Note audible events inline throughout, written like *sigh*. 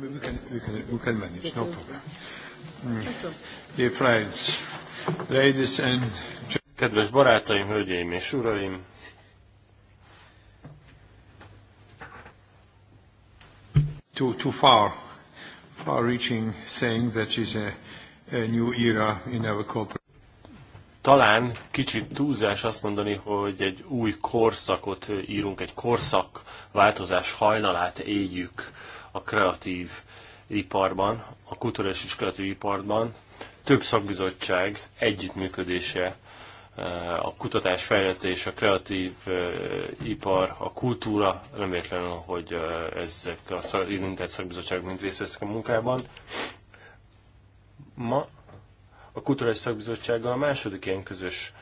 We can, we can, we can manage, no problem. Mm. Dear friends, ladies and Kedves barátaim, hölgyeim és uraim! Too, too far, far reaching saying that is a, a new era in our corporate talán kicsit túlzás azt mondani, hogy egy új korszakot írunk, egy korszak változás hajnalát éljük a kreatív iparban, a kulturális és kreatív iparban. Több szakbizottság együttműködése eh, a kutatás, fejletés, a kreatív eh, ipar, a kultúra, nem véletlenül, hogy eh, ezek a érintett szakbizottságok mind részt vesznek a munkában. Ma a Kulturális Szakbizottsággal a második ilyen közös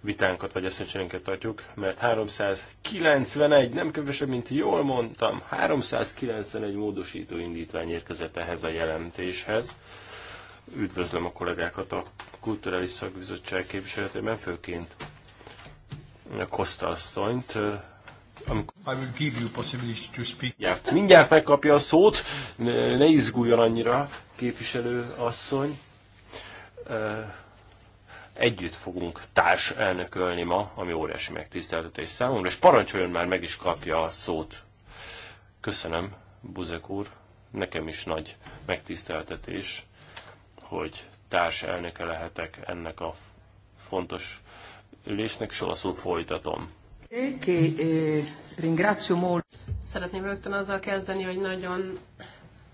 vitánkat vagy eszmecserénket tartjuk, mert 391, nem kevesebb, mint jól mondtam, 391 módosító indítvány érkezett ehhez a jelentéshez. Üdvözlöm a kollégákat a Kulturális Szakbizottság képviseletében, főként Kosta asszonyt, I will give you possibility to speak. Mindjárt, mindjárt megkapja a szót, ne, ne izguljon annyira, képviselő asszony. Együtt fogunk társ elnökölni ma, ami óriási megtiszteltetés számomra, és parancsoljon már meg is kapja a szót. Köszönöm, Buzek úr, nekem is nagy megtiszteltetés, hogy társ elnöke lehetek ennek a fontos ülésnek, és folytatom. E eh, Szeretném rögtön azzal kezdeni, hogy nagyon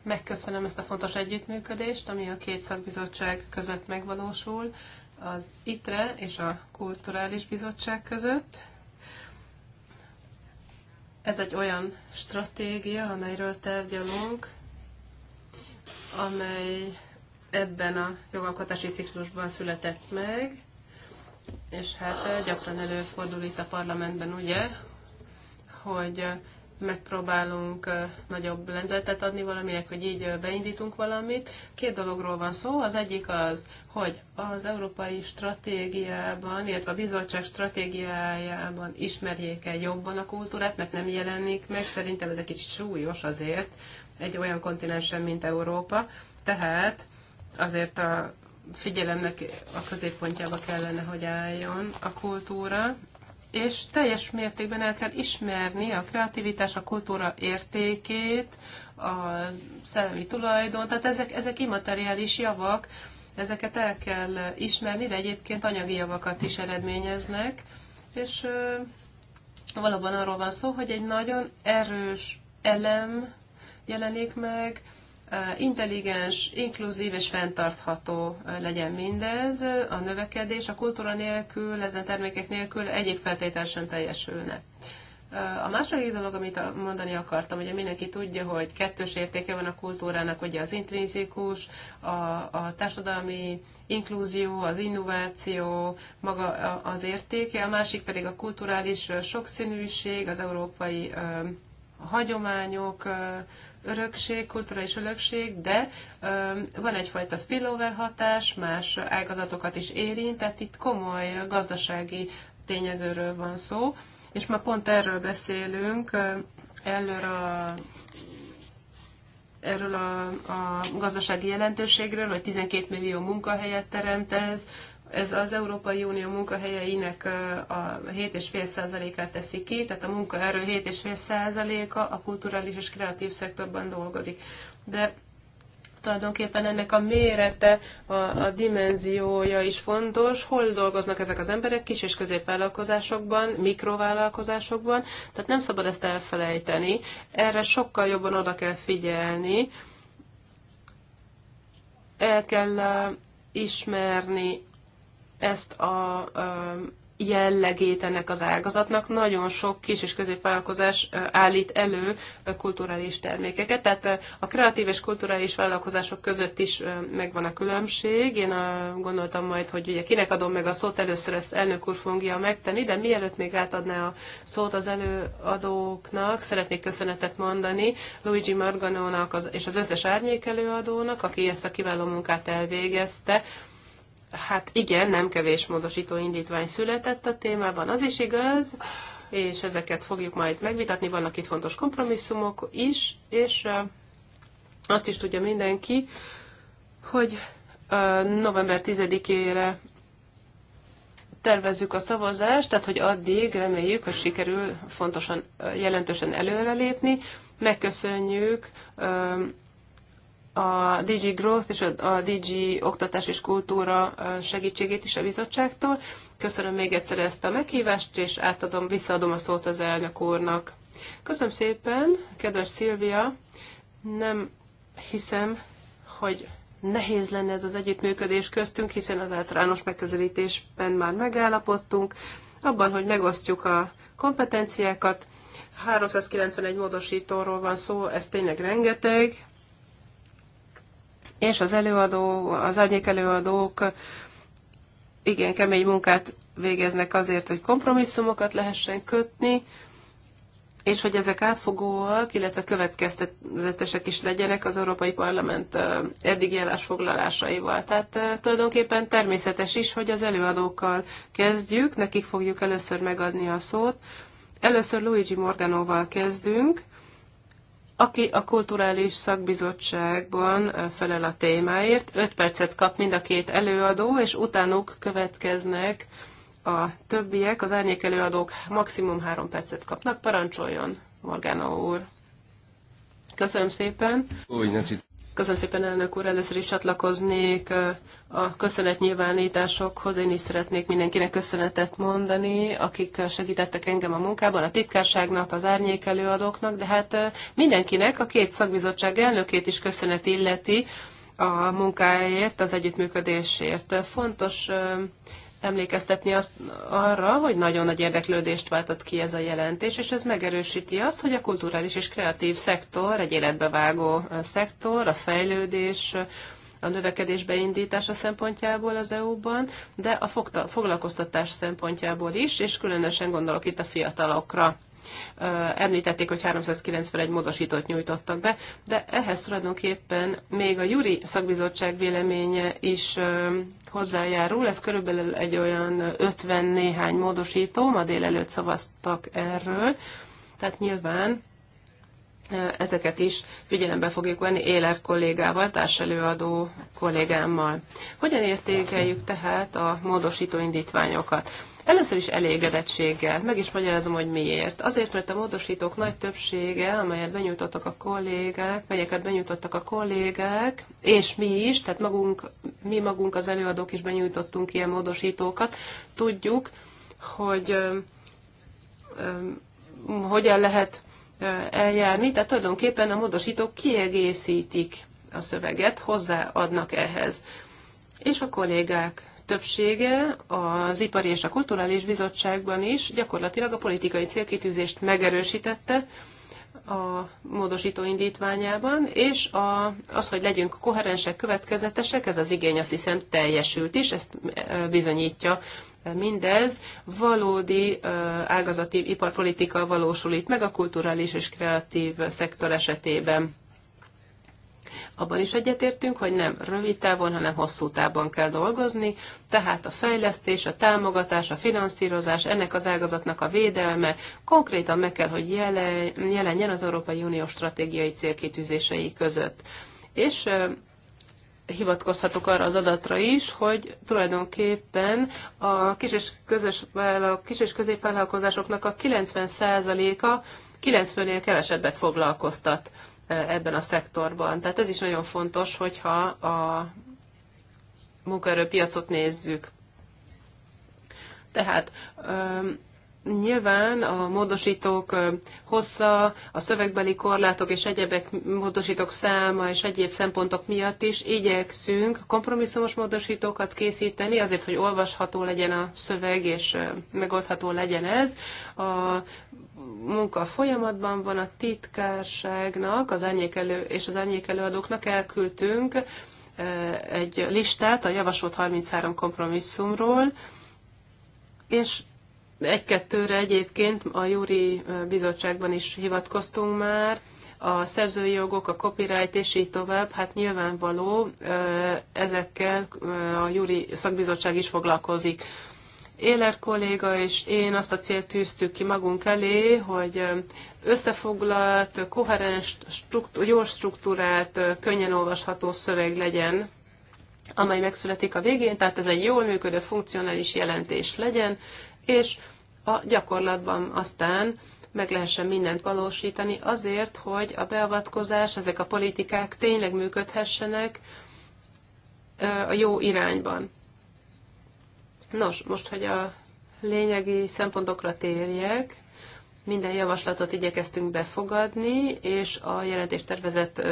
megköszönöm ezt a fontos együttműködést, ami a két szakbizottság között megvalósul, az ITRE és a Kulturális Bizottság között. Ez egy olyan stratégia, amelyről tárgyalunk, amely ebben a jogalkotási ciklusban született meg, és hát gyakran előfordul itt a parlamentben, ugye, hogy megpróbálunk nagyobb lendületet adni valaminek, hogy így beindítunk valamit. Két dologról van szó. Az egyik az, hogy az európai stratégiában, illetve a bizottság stratégiájában ismerjék el jobban a kultúrát, mert nem jelenik meg. Szerintem ez egy kicsit súlyos azért egy olyan kontinensen, mint Európa. Tehát azért a figyelemnek a középpontjába kellene, hogy álljon a kultúra, és teljes mértékben el kell ismerni a kreativitás, a kultúra értékét, a szellemi tulajdon, tehát ezek, ezek immateriális javak, ezeket el kell ismerni, de egyébként anyagi javakat is eredményeznek, és valóban arról van szó, hogy egy nagyon erős elem jelenik meg, intelligens, inkluzív és fenntartható legyen mindez, a növekedés, a kultúra nélkül, ezen termékek nélkül egyik feltétel sem teljesülne. A második dolog, amit mondani akartam, ugye mindenki tudja, hogy kettős értéke van a kultúrának, ugye az intrinzikus, a, a társadalmi inkluzió, az innováció, maga az értéke, a másik pedig a kulturális sokszínűség, az európai hagyományok, örökség, kulturális örökség, de van egyfajta spillover hatás, más ágazatokat is érint, tehát itt komoly gazdasági tényezőről van szó, és ma pont erről beszélünk, erről a erről a, a gazdasági jelentőségről, hogy 12 millió munkahelyet teremt ez, ez az Európai Unió munkahelyeinek a 7,5%-át teszi ki, tehát a munkaerő 7,5%-a a kulturális és kreatív szektorban dolgozik. De tulajdonképpen ennek a mérete, a, a dimenziója is fontos, hol dolgoznak ezek az emberek, kis és középvállalkozásokban, mikrovállalkozásokban, tehát nem szabad ezt elfelejteni, erre sokkal jobban oda kell figyelni, el kell ismerni ezt a jellegét ennek az ágazatnak. Nagyon sok kis és középvállalkozás állít elő kulturális termékeket, tehát a kreatív és kulturális vállalkozások között is megvan a különbség. Én gondoltam majd, hogy ugye kinek adom meg a szót, először ezt elnök úr fogja megtenni, de mielőtt még átadná a szót az előadóknak, szeretnék köszönetet mondani Luigi Marganónak és az összes árnyék előadónak, aki ezt a kiváló munkát elvégezte hát igen, nem kevés módosító indítvány született a témában, az is igaz, és ezeket fogjuk majd megvitatni, vannak itt fontos kompromisszumok is, és azt is tudja mindenki, hogy november 10-ére tervezzük a szavazást, tehát hogy addig reméljük, hogy sikerül fontosan, jelentősen előrelépni. Megköszönjük a DG Growth és a DG Oktatás és Kultúra segítségét is a bizottságtól. Köszönöm még egyszer ezt a meghívást, és átadom, visszaadom a szót az elnök úrnak. Köszönöm szépen, kedves Szilvia! Nem hiszem, hogy nehéz lenne ez az együttműködés köztünk, hiszen az általános megközelítésben már megállapodtunk, abban, hogy megosztjuk a kompetenciákat. 391 módosítóról van szó, ez tényleg rengeteg, és az előadó, az árnyék előadók igen kemény munkát végeznek azért, hogy kompromisszumokat lehessen kötni, és hogy ezek átfogóak, illetve következtetesek is legyenek az Európai Parlament eddigi állásfoglalásaival. Tehát tulajdonképpen természetes is, hogy az előadókkal kezdjük, nekik fogjuk először megadni a szót. Először Luigi Morganóval kezdünk, aki a kulturális szakbizottságban felel a témáért. 5 percet kap mind a két előadó, és utánuk következnek a többiek, az árnyék előadók maximum három percet kapnak. Parancsoljon, Morgana úr! Köszönöm szépen! Új, Köszönöm szépen, elnök úr. Először is csatlakoznék a köszönetnyilvánításokhoz. Én is szeretnék mindenkinek köszönetet mondani, akik segítettek engem a munkában, a titkárságnak, az árnyék előadóknak, de hát mindenkinek, a két szakbizottság elnökét is köszönet illeti a munkáért, az együttműködésért. Fontos emlékeztetni azt arra, hogy nagyon nagy érdeklődést váltott ki ez a jelentés, és ez megerősíti azt, hogy a kulturális és kreatív szektor egy vágó szektor, a fejlődés, a növekedés beindítása szempontjából az EU-ban, de a foglalkoztatás szempontjából is, és különösen gondolok itt a fiatalokra. Említették, hogy 391 módosítót nyújtottak be, de ehhez tulajdonképpen még a Juri szakbizottság véleménye is hozzájárul. Ez körülbelül egy olyan 50 néhány módosító, ma délelőtt szavaztak erről, tehát nyilván ezeket is figyelembe fogjuk venni Éler kollégával, társelőadó kollégámmal. Hogyan értékeljük tehát a módosító indítványokat? Először is elégedettséggel. Meg is magyarázom, hogy miért. Azért, mert a módosítók nagy többsége, amelyet benyújtottak a kollégák, melyeket benyújtottak a kollégák, és mi is, tehát magunk, mi magunk az előadók is benyújtottunk ilyen módosítókat, tudjuk, hogy ö, ö, hogyan lehet eljárni, tehát tulajdonképpen a módosítók kiegészítik a szöveget, hozzáadnak ehhez. És a kollégák többsége az Ipari és a Kulturális Bizottságban is gyakorlatilag a politikai célkitűzést megerősítette a módosító indítványában, és a, az, hogy legyünk koherensek, következetesek, ez az igény azt hiszem teljesült is, ezt bizonyítja mindez valódi ágazati iparpolitika valósul itt meg a kulturális és kreatív szektor esetében. Abban is egyetértünk, hogy nem rövid távon, hanem hosszú távon kell dolgozni, tehát a fejlesztés, a támogatás, a finanszírozás, ennek az ágazatnak a védelme konkrétan meg kell, hogy jelenjen az Európai Unió stratégiai célkitűzései között. És hivatkozhatok arra az adatra is, hogy tulajdonképpen a kis és, közös, a kis és középvállalkozásoknak a 90%-a 90-nél kevesebbet foglalkoztat ebben a szektorban. Tehát ez is nagyon fontos, hogyha a munkaerőpiacot nézzük. Tehát Nyilván a módosítók hossza, a szövegbeli korlátok és egyebek módosítók száma és egyéb szempontok miatt is igyekszünk kompromisszumos módosítókat készíteni, azért, hogy olvasható legyen a szöveg és megoldható legyen ez. A munka folyamatban van a titkárságnak az elő, és az előadóknak elküldtünk eh, egy listát a javasolt 33 kompromisszumról, és egy-kettőre egyébként a júri eh, bizottságban is hivatkoztunk már, a szerzői jogok, a copyright és így tovább, hát nyilvánvaló eh, ezekkel a júri szakbizottság is foglalkozik. Éler kolléga és én azt a célt tűztük ki magunk elé, hogy összefoglalt, koherens, struktúr, jó struktúrált, könnyen olvasható szöveg legyen, amely megszületik a végén, tehát ez egy jól működő, funkcionális jelentés legyen, és a gyakorlatban aztán meg lehessen mindent valósítani azért, hogy a beavatkozás, ezek a politikák tényleg működhessenek a jó irányban. Nos, most, hogy a lényegi szempontokra térjek, minden javaslatot igyekeztünk befogadni, és a jelentéstervezet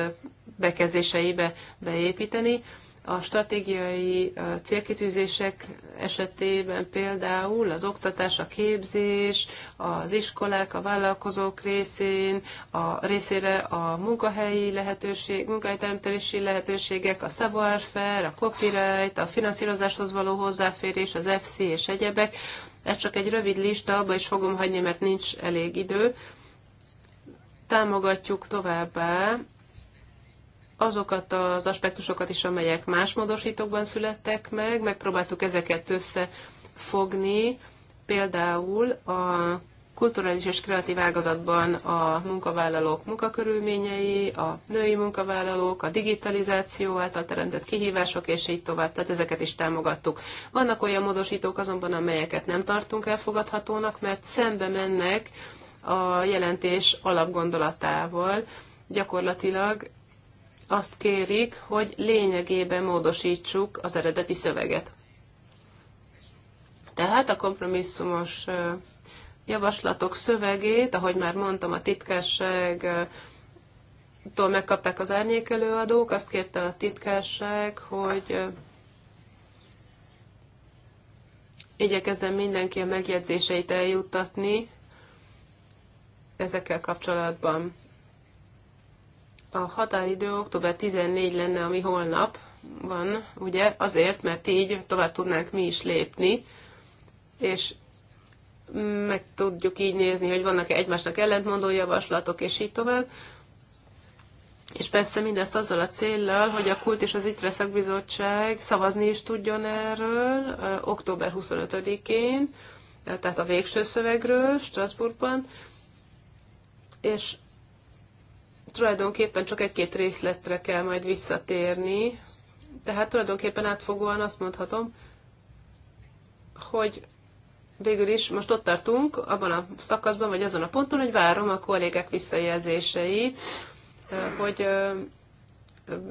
bekezdéseibe beépíteni. A stratégiai célkitűzések esetében például az oktatás, a képzés, az iskolák, a vállalkozók részén, a részére a munkahelyi lehetőség, munkahelyteremtési lehetőségek, a savoir-faire, a copyright, a finanszírozáshoz való hozzáférés, az FC és egyebek. Ez csak egy rövid lista, abba is fogom hagyni, mert nincs elég idő támogatjuk továbbá azokat az aspektusokat is, amelyek más módosítókban születtek meg, megpróbáltuk ezeket összefogni, például a kulturális és kreatív ágazatban a munkavállalók munkakörülményei, a női munkavállalók, a digitalizáció által teremtett kihívások, és így tovább. Tehát ezeket is támogattuk. Vannak olyan módosítók azonban, amelyeket nem tartunk elfogadhatónak, mert szembe mennek a jelentés alapgondolatával. Gyakorlatilag azt kérik, hogy lényegében módosítsuk az eredeti szöveget. Tehát a kompromisszumos javaslatok szövegét, ahogy már mondtam, a titkárság tól megkapták az árnyékelőadók, azt kérte a titkárság, hogy igyekezzen mindenki a megjegyzéseit eljuttatni ezekkel kapcsolatban a határidő október 14 lenne, ami holnap van, ugye, azért, mert így tovább tudnánk mi is lépni, és meg tudjuk így nézni, hogy vannak-e egymásnak ellentmondó javaslatok, és így tovább. És persze mindezt azzal a céllal, hogy a Kult és az ITRE szakbizottság szavazni is tudjon erről október 25-én, tehát a végső szövegről Strasbourgban, és tulajdonképpen csak egy-két részletre kell majd visszatérni. Tehát tulajdonképpen átfogóan azt mondhatom, hogy végül is most ott tartunk, abban a szakaszban, vagy azon a ponton, hogy várom a kollégák visszajelzéseit, hogy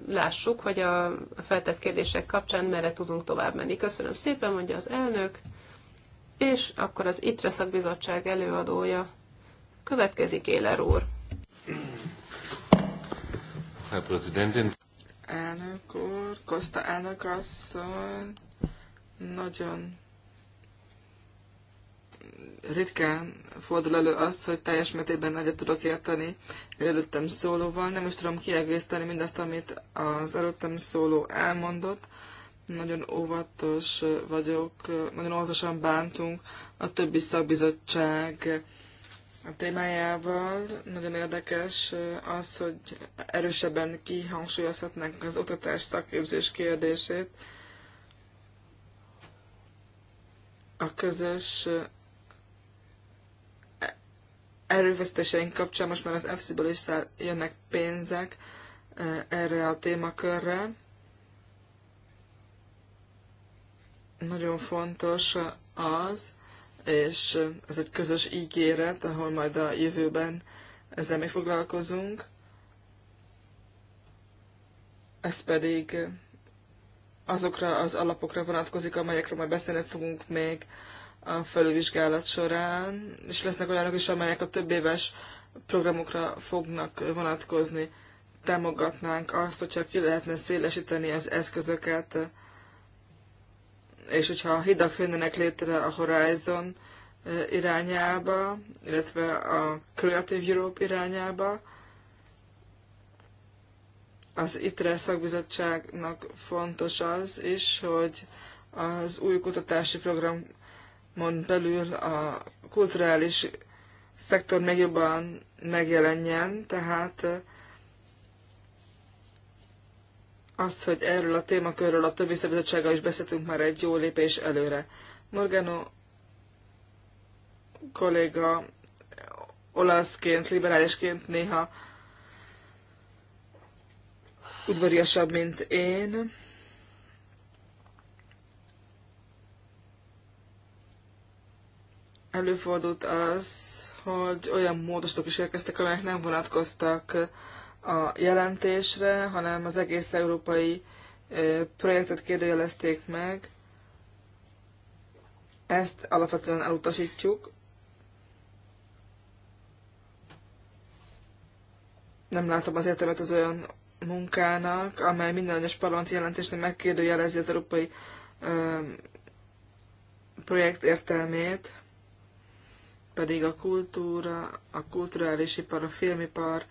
lássuk, hogy a feltett kérdések kapcsán merre tudunk tovább menni. Köszönöm szépen, mondja az elnök, és akkor az ITRE szakbizottság előadója következik Éler úr. Herr Präsidentin. Elnök úr, Kosta elnök asszony, nagyon ritkán fordul elő az, hogy teljes mértékben egyet tudok érteni előttem szólóval. Nem is tudom kiegészíteni mindazt, amit az előttem szóló elmondott. Nagyon óvatos vagyok, nagyon óvatosan bántunk a többi szakbizottság a témájával. Nagyon érdekes az, hogy erősebben kihangsúlyozhatnánk az oktatás szakképzés kérdését. A közös e- erőfeszítéseink kapcsán most már az EFSZ-ből is jönnek pénzek erre a témakörre. Nagyon fontos az, és ez egy közös ígéret, ahol majd a jövőben ezzel mi foglalkozunk. Ez pedig azokra az alapokra vonatkozik, amelyekről majd beszélni fogunk még a felülvizsgálat során, és lesznek olyanok is, amelyek a több éves programokra fognak vonatkozni. Támogatnánk azt, hogyha ki lehetne szélesíteni az eszközöket, és hogyha hidak jönnek létre a Horizon irányába, illetve a Creative Europe irányába, az ITRE szakbizottságnak fontos az is, hogy az új kutatási programon belül a kulturális szektor még jobban megjelenjen, tehát azt, hogy erről a témakörről a többi szabadsággal is beszéltünk már egy jó lépés előre. Morgano kolléga olaszként, liberálisként néha udvariasabb, mint én. Előfordult az, hogy olyan módosok is érkeztek, amelyek nem vonatkoztak a jelentésre, hanem az egész európai projektet kérdőjelezték meg. Ezt alapvetően elutasítjuk. Nem látom az értelmet az olyan munkának, amely minden egyes parlamenti jelentésnél megkérdőjelezi az európai projekt értelmét, pedig a kultúra, a kulturális ipar, a filmipar,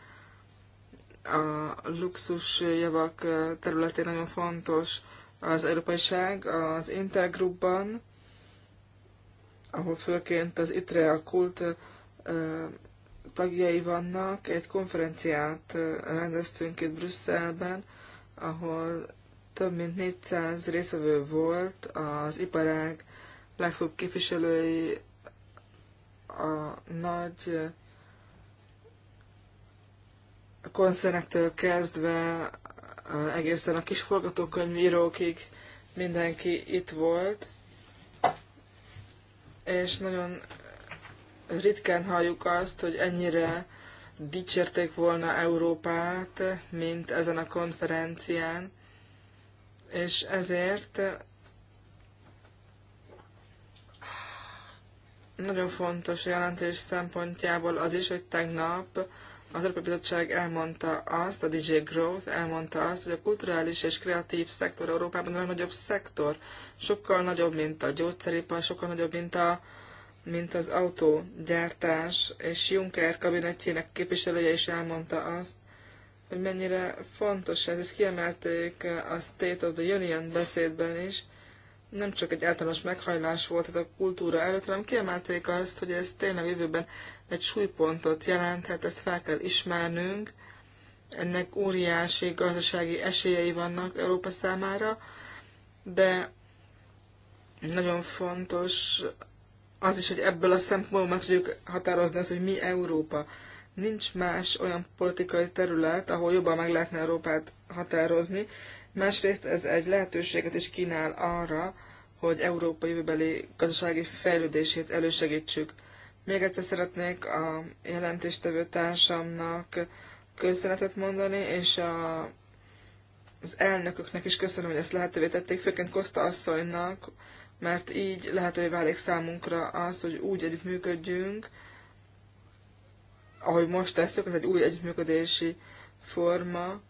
a luxus javak területén nagyon fontos az európaiság az Intergroupban, ahol főként az ITREA kult tagjai vannak. Egy konferenciát rendeztünk itt Brüsszelben, ahol több mint 400 részvevő volt az iparág legfőbb képviselői, a nagy a koncernektől kezdve eh, egészen a kis forgatókönyvírókig mindenki itt volt, és nagyon ritkán halljuk azt, hogy ennyire dicsérték volna Európát, mint ezen a konferencián, és ezért nagyon fontos jelentés szempontjából az is, hogy tegnap az Európai Bizottság elmondta azt, a DJ Growth elmondta azt, hogy a kulturális és kreatív szektor Európában a legnagyobb szektor. Sokkal nagyobb, mint a gyógyszeripar, sokkal nagyobb, mint, a, mint az autógyártás, és Juncker kabinetjének képviselője is elmondta azt, hogy mennyire fontos ez. Ezt kiemelték a State of the Union beszédben is. Nem csak egy általános meghajlás volt ez a kultúra előtt, hanem kiemelték azt, hogy ez tényleg jövőben egy súlypontot jelenthet, ezt fel kell ismernünk. Ennek óriási gazdasági esélyei vannak Európa számára, de nagyon fontos az is, hogy ebből a szempontból meg tudjuk határozni azt, hogy mi Európa. Nincs más olyan politikai terület, ahol jobban meg lehetne Európát határozni. Másrészt ez egy lehetőséget is kínál arra, hogy Európa jövőbeli gazdasági fejlődését elősegítsük. Még egyszer szeretnék a jelentéstevő társamnak köszönetet mondani, és a, az elnököknek is köszönöm, hogy ezt lehetővé tették, főként Koszta asszonynak, mert így lehetővé válik számunkra az, hogy úgy együttműködjünk, ahogy most tesszük, ez egy új együttműködési forma,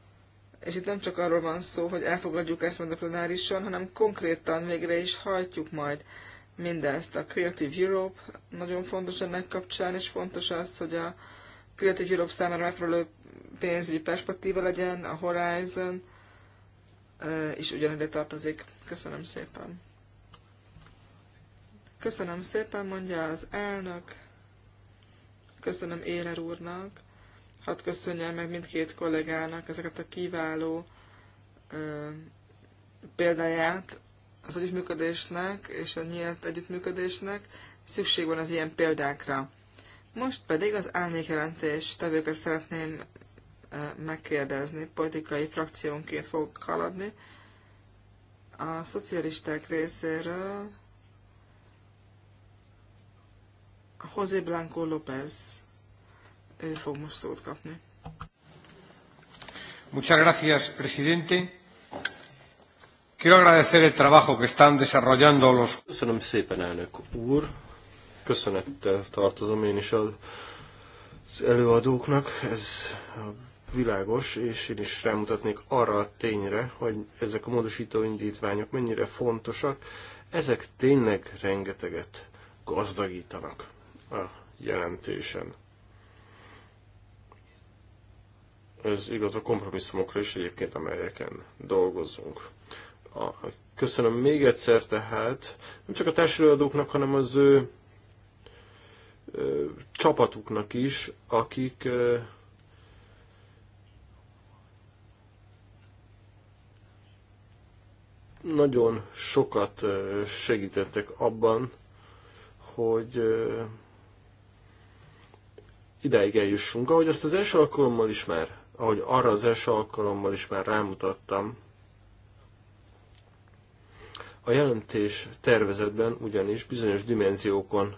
és itt nem csak arról van szó, hogy elfogadjuk ezt majd a plenárison, hanem konkrétan végre is hajtjuk majd mindezt. A Creative Europe nagyon fontos ennek kapcsán, és fontos az, hogy a Creative Europe számára megfelelő pénzügyi perspektíva legyen, a Horizon is ugyanide tartozik. Köszönöm szépen. Köszönöm szépen, mondja az elnök. Köszönöm Éler úrnak. Hadd köszönjem meg mindkét kollégának ezeket a kiváló példáját az együttműködésnek és a nyílt együttműködésnek szükség van az ilyen példákra. Most pedig az árnyékjelentés tevőket szeretném megkérdezni, politikai frakciónként fog haladni. A szocialisták részéről José Blanco López, ő fog most szót kapni. Muchas gracias, presidente. Köszönöm szépen, elnök úr. Köszönettel tartozom én is az előadóknak. Ez világos, és én is rámutatnék arra a tényre, hogy ezek a módosító indítványok mennyire fontosak. Ezek tényleg rengeteget gazdagítanak a jelentésen. Ez igaz a kompromisszumokra is egyébként, amelyeken dolgozunk. Köszönöm még egyszer tehát, nem csak a társadalmadóknak, hanem az ő csapatuknak is, akik nagyon sokat segítettek abban, hogy ideig eljussunk. Ahogy azt az első alkalommal is már, ahogy arra az első alkalommal is már rámutattam, a jelentés tervezetben ugyanis bizonyos dimenziókon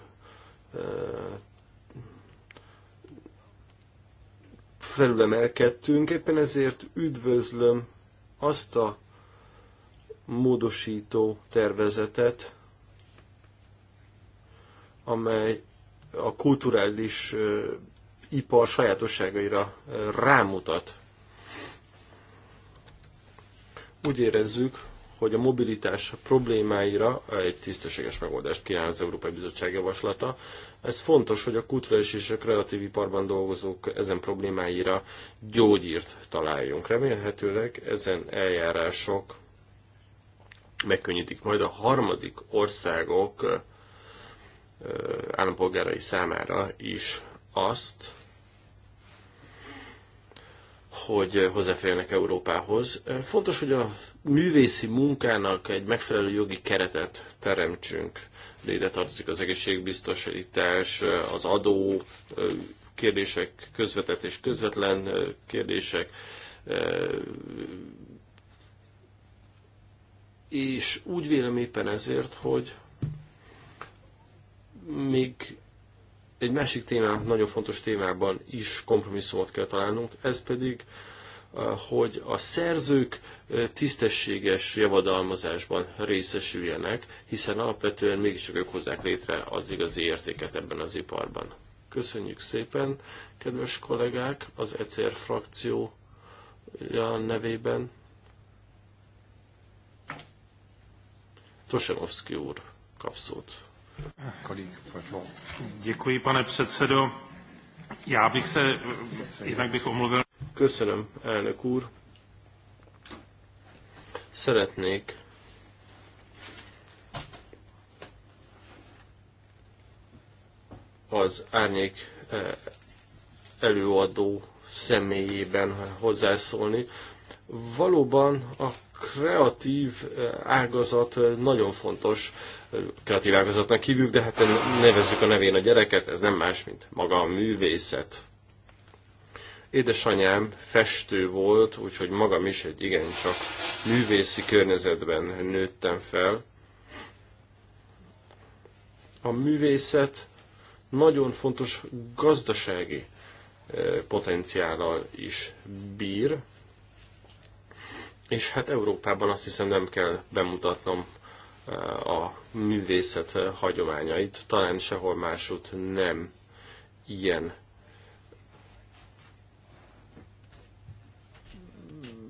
felülemelkedtünk, éppen ezért üdvözlöm azt a módosító tervezetet, amely a kulturális ipar sajátosságaira rámutat. Úgy érezzük, hogy a mobilitás problémáira egy tisztességes megoldást kínál az Európai Bizottság javaslata. Ez fontos, hogy a kulturális és a kreatív iparban dolgozók ezen problémáira gyógyírt találjunk. Remélhetőleg ezen eljárások megkönnyítik majd a harmadik országok állampolgárai számára is azt, hogy hozzáférjenek Európához. Fontos, hogy a művészi munkának egy megfelelő jogi keretet teremtsünk. De ide tartozik az egészségbiztosítás, az adó kérdések, közvetett és közvetlen kérdések, és úgy vélem éppen ezért, hogy még egy másik témán, nagyon fontos témában is kompromisszumot kell találnunk, ez pedig, eh, hogy a szerzők eh, tisztességes javadalmazásban részesüljenek, hiszen alapvetően mégiscsak ők hozzák létre az igazi értéket ebben az iparban. Köszönjük szépen, kedves kollégák, az ECR frakció nevében. Tosenovszki úr kap szót. Děkuji, pane předsedo. Já bych se, jinak bych omluvil. Köszönöm, elnök úr. Szeretnék az árnyék eh, előadó személyében hozzászólni. Valóban a kreatív eh, ágazat eh, nagyon fontos kreatív ágazatnak hívjuk, de hát nevezzük a nevén a gyereket, ez nem más, mint maga a művészet. Édesanyám festő volt, úgyhogy magam is egy igencsak művészi környezetben nőttem fel. A művészet nagyon fontos gazdasági eh, potenciállal is bír, és hát Európában azt hiszem nem kell bemutatnom a művészet hagyományait. Talán sehol másút nem ilyen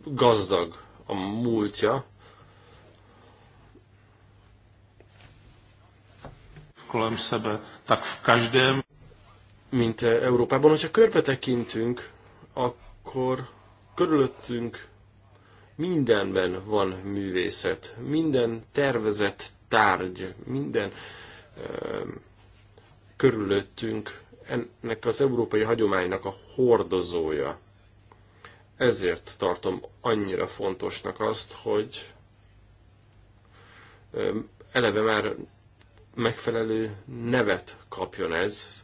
gazdag a múltja. Kolem sebe, tak v každém. Mint Európában, hogyha körbe tekintünk, akkor körülöttünk Mindenben van művészet, minden tervezett tárgy, minden ö, körülöttünk ennek az európai hagyománynak a hordozója. Ezért tartom annyira fontosnak azt, hogy ö, eleve már megfelelő nevet kapjon ez.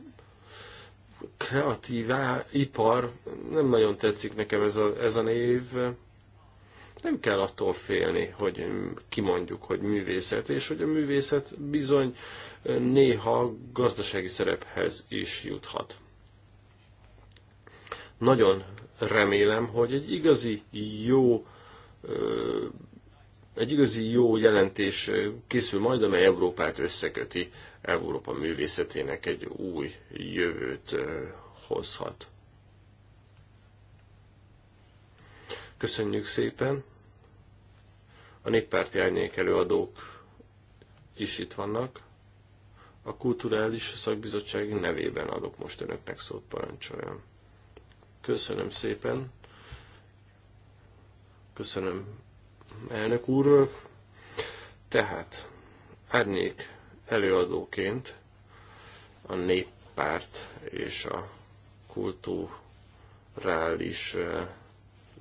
Kreatívá, ipar, nem nagyon tetszik nekem ez a, ez a név nem kell attól félni, hogy kimondjuk, hogy művészet, és hogy a művészet bizony néha gazdasági szerephez is juthat. Nagyon remélem, hogy egy igazi jó egy igazi jó jelentés készül majd, amely Európát összeköti, Európa művészetének egy új jövőt hozhat. Köszönjük szépen! A néppárti árnyék előadók is itt vannak. A Kulturális Szakbizottság nevében adok most önöknek szót, parancsoljon. Köszönöm szépen. Köszönöm, elnök úr. Tehát, árnyék előadóként a néppárt és a kultúrális eh,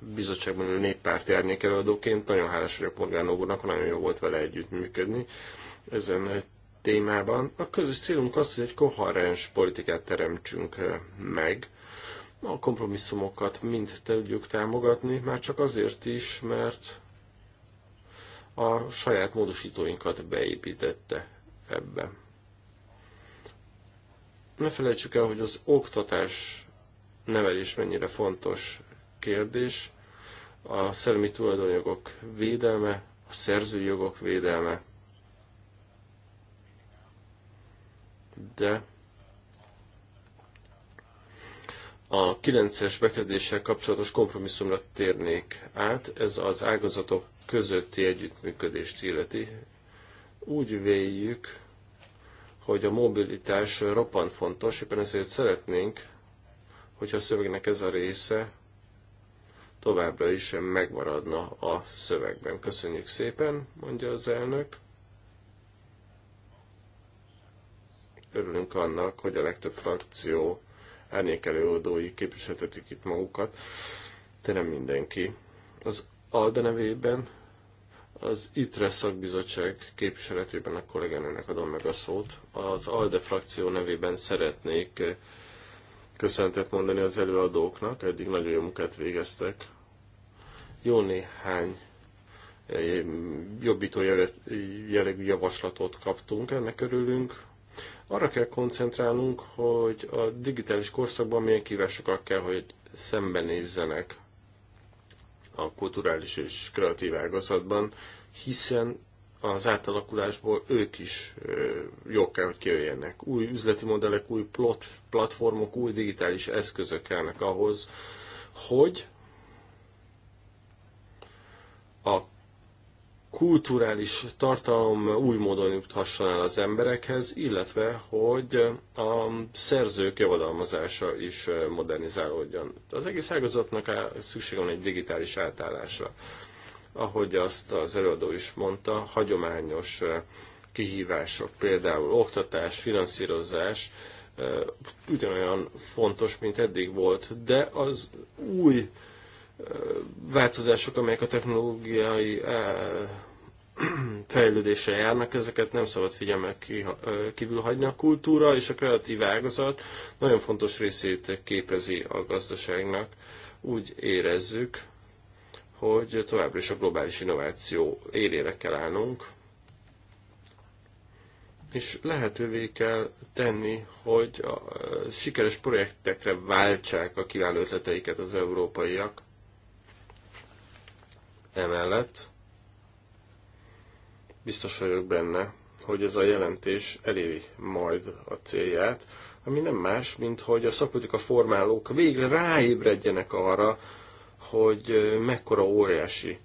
bizottságban a néppárti árnyékelőadóként. Nagyon hálás vagyok Morgán úrnak, nagyon jó volt vele együttműködni ezen témában. A közös célunk az, hogy egy koherens politikát teremtsünk meg. A kompromisszumokat mind tudjuk támogatni, már csak azért is, mert a saját módosítóinkat beépítette ebbe. Ne felejtsük el, hogy az oktatás nevelés mennyire fontos kérdés a szellemi tulajdonjogok védelme, a szerzői jogok védelme, de a 9-es bekezdéssel kapcsolatos kompromisszumra térnék át, ez az ágazatok közötti együttműködést illeti. Úgy véljük, hogy a mobilitás roppant fontos, éppen ezért szeretnénk, hogyha a szövegnek ez a része továbbra is megmaradna a szövegben. Köszönjük szépen, mondja az elnök. Örülünk annak, hogy a legtöbb frakció árnyékelőadói képviseltetik itt magukat, de nem mindenki. Az ALDE nevében az ITRE szakbizottság képviseletében a kolléganőnek adom meg a szót. Az ALDE frakció nevében szeretnék köszöntet mondani az előadóknak, eddig nagyon jó munkát végeztek jó néhány eh, jobbító jellegű javaslatot kaptunk, ennek örülünk. Arra kell koncentrálnunk, hogy a digitális korszakban milyen kívásokat kell, hogy szembenézzenek a kulturális és kreatív ágazatban, hiszen az átalakulásból ők is eh, jól kell, hogy kijöjjenek. Új üzleti modellek, új plot, platformok, új digitális eszközök kellnek ahhoz, hogy a kulturális tartalom új módon juthasson el az emberekhez, illetve hogy a szerzők javadalmazása is modernizálódjon. Az egész ágazatnak szüksége van egy digitális átállásra. Ahogy azt az előadó is mondta, hagyományos kihívások, például oktatás, finanszírozás, ugyanolyan fontos, mint eddig volt, de az új változások, amelyek a technológiai eh, fejlődéssel járnak, ezeket nem szabad figyelmek eh, kívül hagyni. A kultúra és a kreatív ágazat nagyon fontos részét képezi a gazdaságnak. Úgy érezzük, hogy továbbra is a globális innováció élére kell állnunk, és lehetővé kell tenni, hogy a eh, sikeres projektekre váltsák a kiváló ötleteiket az európaiak emellett. Biztos vagyok benne, hogy ez a jelentés eléri majd a célját, ami nem más, mint hogy a szakpolitika formálók végre ráébredjenek arra, hogy mekkora óriási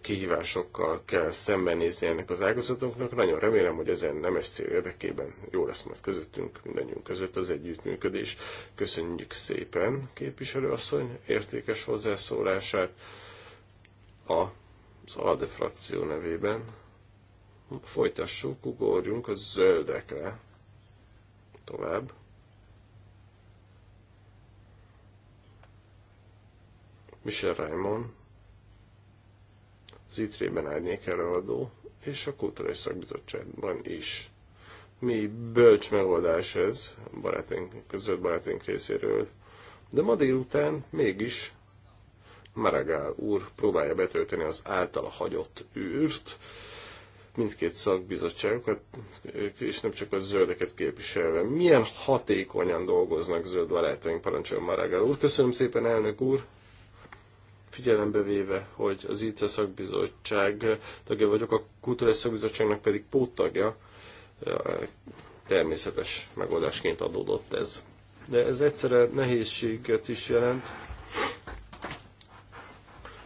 kihívásokkal kell szembenézni ennek az ágazatoknak. Nagyon remélem, hogy ezen nem cél érdekében jó lesz majd közöttünk, mindannyiunk között az együttműködés. Köszönjük szépen képviselőasszony értékes hozzászólását. A ALDE frakció nevében. Folytassuk, ugorjunk a zöldekre. Tovább. Michel Raymond, az ITRE-ben árnyék előadó, és a Kulturális Szakbizottságban is. Mi bölcs megoldás ez, barátunk, között barátunk részéről, de ma délután mégis Maragall úr próbálja betölteni az általa hagyott űrt, mindkét szakbizottságokat, és nem csak a zöldeket képviselve. Milyen hatékonyan dolgoznak zöld barátaink, parancsol Maragall úr. Köszönöm szépen, elnök úr! Figyelembe véve, hogy az ITRE szakbizottság tagja vagyok, a kulturális szakbizottságnak pedig póttagja, természetes megoldásként adódott ez. De ez egyszerre nehézséget is jelent,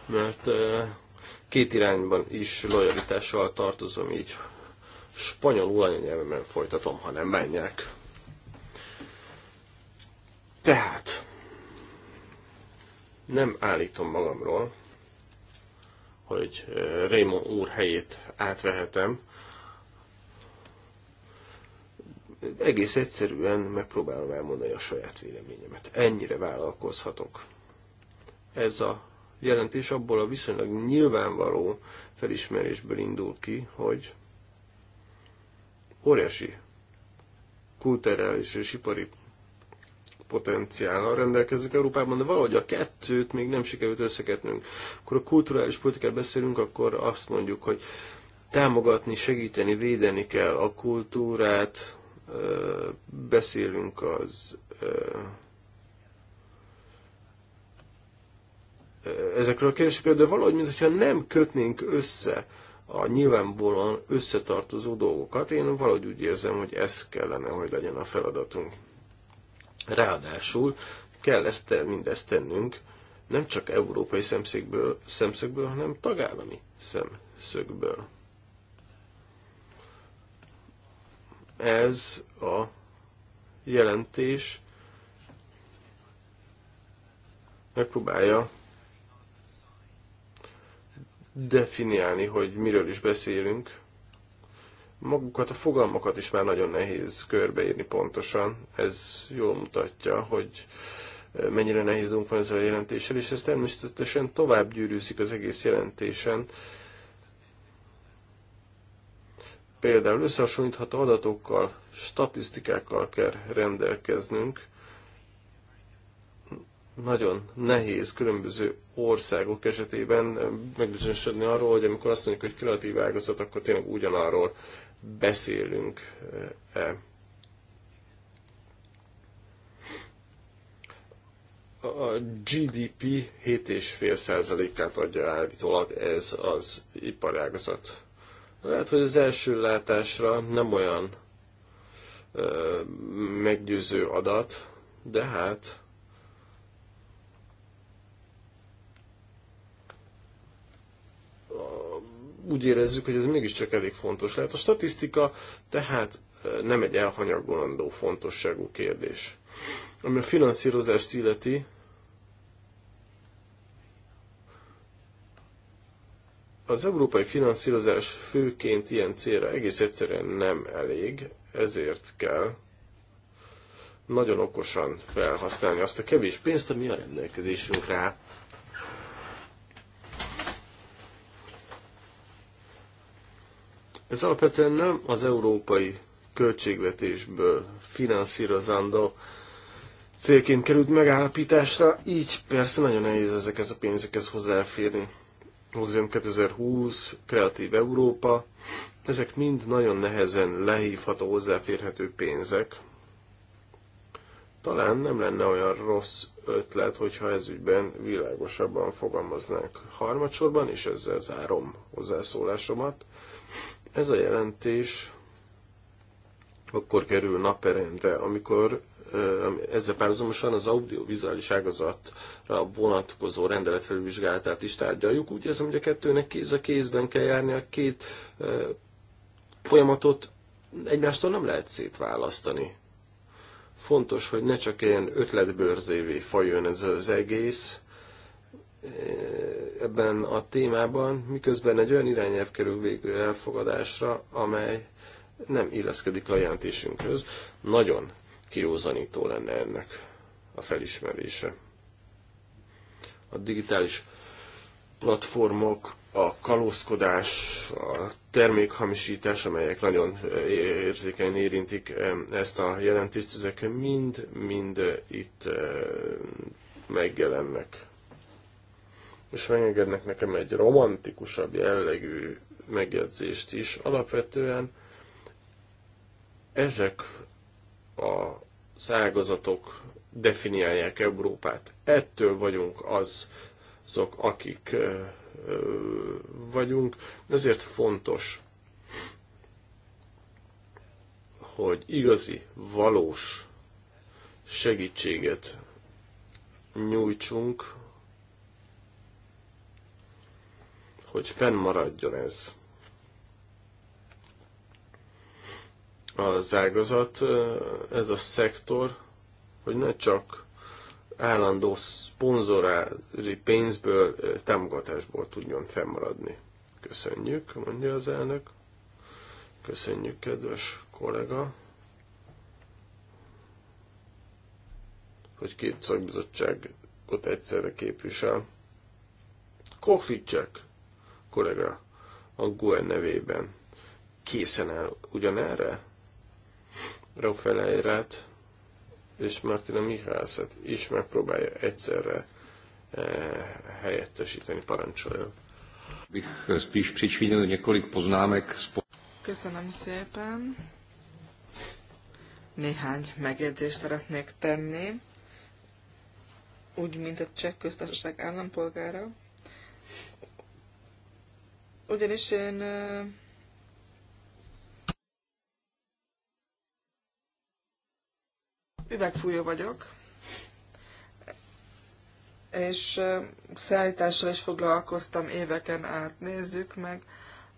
mert két irányban is lojalitással tartozom, így spanyolul anyanyelvemen folytatom, ha nem menjek. Tehát, nem állítom magamról, hogy Raymond úr helyét átvehetem. Egész egyszerűen megpróbálom elmondani a saját véleményemet. Ennyire vállalkozhatok. Ez a jelentés abból a viszonylag nyilvánvaló felismerésből indul ki, hogy óriási kulturális és ipari potenciállal rendelkezünk Európában, de valahogy a kettőt még nem sikerült összeketnünk. Akkor a kulturális politikát beszélünk, akkor azt mondjuk, hogy támogatni, segíteni, védeni kell a kultúrát, beszélünk az ezekről a kérdésekről, de valahogy, mintha nem kötnénk össze a nyilvánvalóan összetartozó dolgokat, én valahogy úgy érzem, hogy ez kellene, hogy legyen a feladatunk. Ráadásul kell ezt, mindezt tennünk, nem csak európai szemszögből, szemszögből, hanem tagállami szemszögből. Ez a jelentés megpróbálja definiálni, hogy miről is beszélünk. Magukat a fogalmakat is már nagyon nehéz körbeírni pontosan. Ez jól mutatja, hogy mennyire nehézünk van ezzel a jelentéssel, és ez természetesen tovább gyűrűzik az egész jelentésen. Például összehasonlítható adatokkal, statisztikákkal kell rendelkeznünk, nagyon nehéz különböző országok esetében eh, megbizonyosodni arról, hogy amikor azt mondjuk, hogy kreatív ágazat, akkor tényleg ugyanarról beszélünk-e. Eh, eh. A GDP 7,5%-át adja állítólag ez az iparágazat. Lehet, hogy az első látásra nem olyan meggyőző adat, de hát úgy érezzük, hogy ez mégiscsak elég fontos lehet. A statisztika tehát nem egy elhanyagolandó fontosságú kérdés. Ami a finanszírozást illeti, az európai finanszírozás főként ilyen célra egész egyszerűen nem elég, ezért kell nagyon okosan felhasználni azt a kevés pénzt, ami a rendelkezésünk rá. Ez alapvetően nem az európai költségvetésből finanszírozandó célként került megállapításra, így persze nagyon nehéz ezekhez a pénzekhez hozzáférni. Hozzám 2020, Kreatív Európa, ezek mind nagyon nehezen lehívható, hozzáférhető pénzek. Talán nem lenne olyan rossz ötlet, hogyha ez ügyben világosabban fogalmaznánk. Harmadsorban, és ezzel zárom hozzászólásomat, ez a jelentés akkor kerül naperendre, amikor ezzel párhuzamosan az audiovizuális ágazatra vonatkozó rendeletfelülvizsgálatát is tárgyaljuk. Úgy érzem, hogy a kettőnek kéz a kézben kell járni, a két folyamatot egymástól nem lehet szétválasztani. Fontos, hogy ne csak ilyen ötletbőrzévé fajön ez az egész, ebben a témában, miközben egy olyan irányelv kerül végül elfogadásra, amely nem illeszkedik a jelentésünkhöz. Nagyon kirózanító lenne ennek a felismerése. A digitális platformok, a kalózkodás, a termékhamisítás, amelyek nagyon érzékenyen érintik ezt a jelentést, ezek mind-mind itt megjelennek és megengednek nekem egy romantikusabb jellegű megjegyzést is. Alapvetően ezek a szágazatok definiálják Európát. Ettől vagyunk az, azok, akik vagyunk. Ezért fontos, hogy igazi, valós segítséget nyújtsunk hogy fennmaradjon ez. Az ágazat, ez a szektor, hogy ne csak állandó szponzorári pénzből, támogatásból tudjon fennmaradni. Köszönjük, mondja az elnök. Köszönjük, kedves kollega, hogy két szakbizottságot egyszerre képvisel. Kohlicsek kollega a GUE nevében készen áll ugyanerre? Rafaelairát és Martina Mihászat is megpróbálja egyszerre eh, helyettesíteni, parancsoljon. Eh, Köszönöm szépen. Néhány megjegyzést szeretnék tenni, úgy, mint a cseh köztársaság állampolgára. Ugyanis én üvegfújó vagyok, és szállítással is foglalkoztam éveken át. Nézzük meg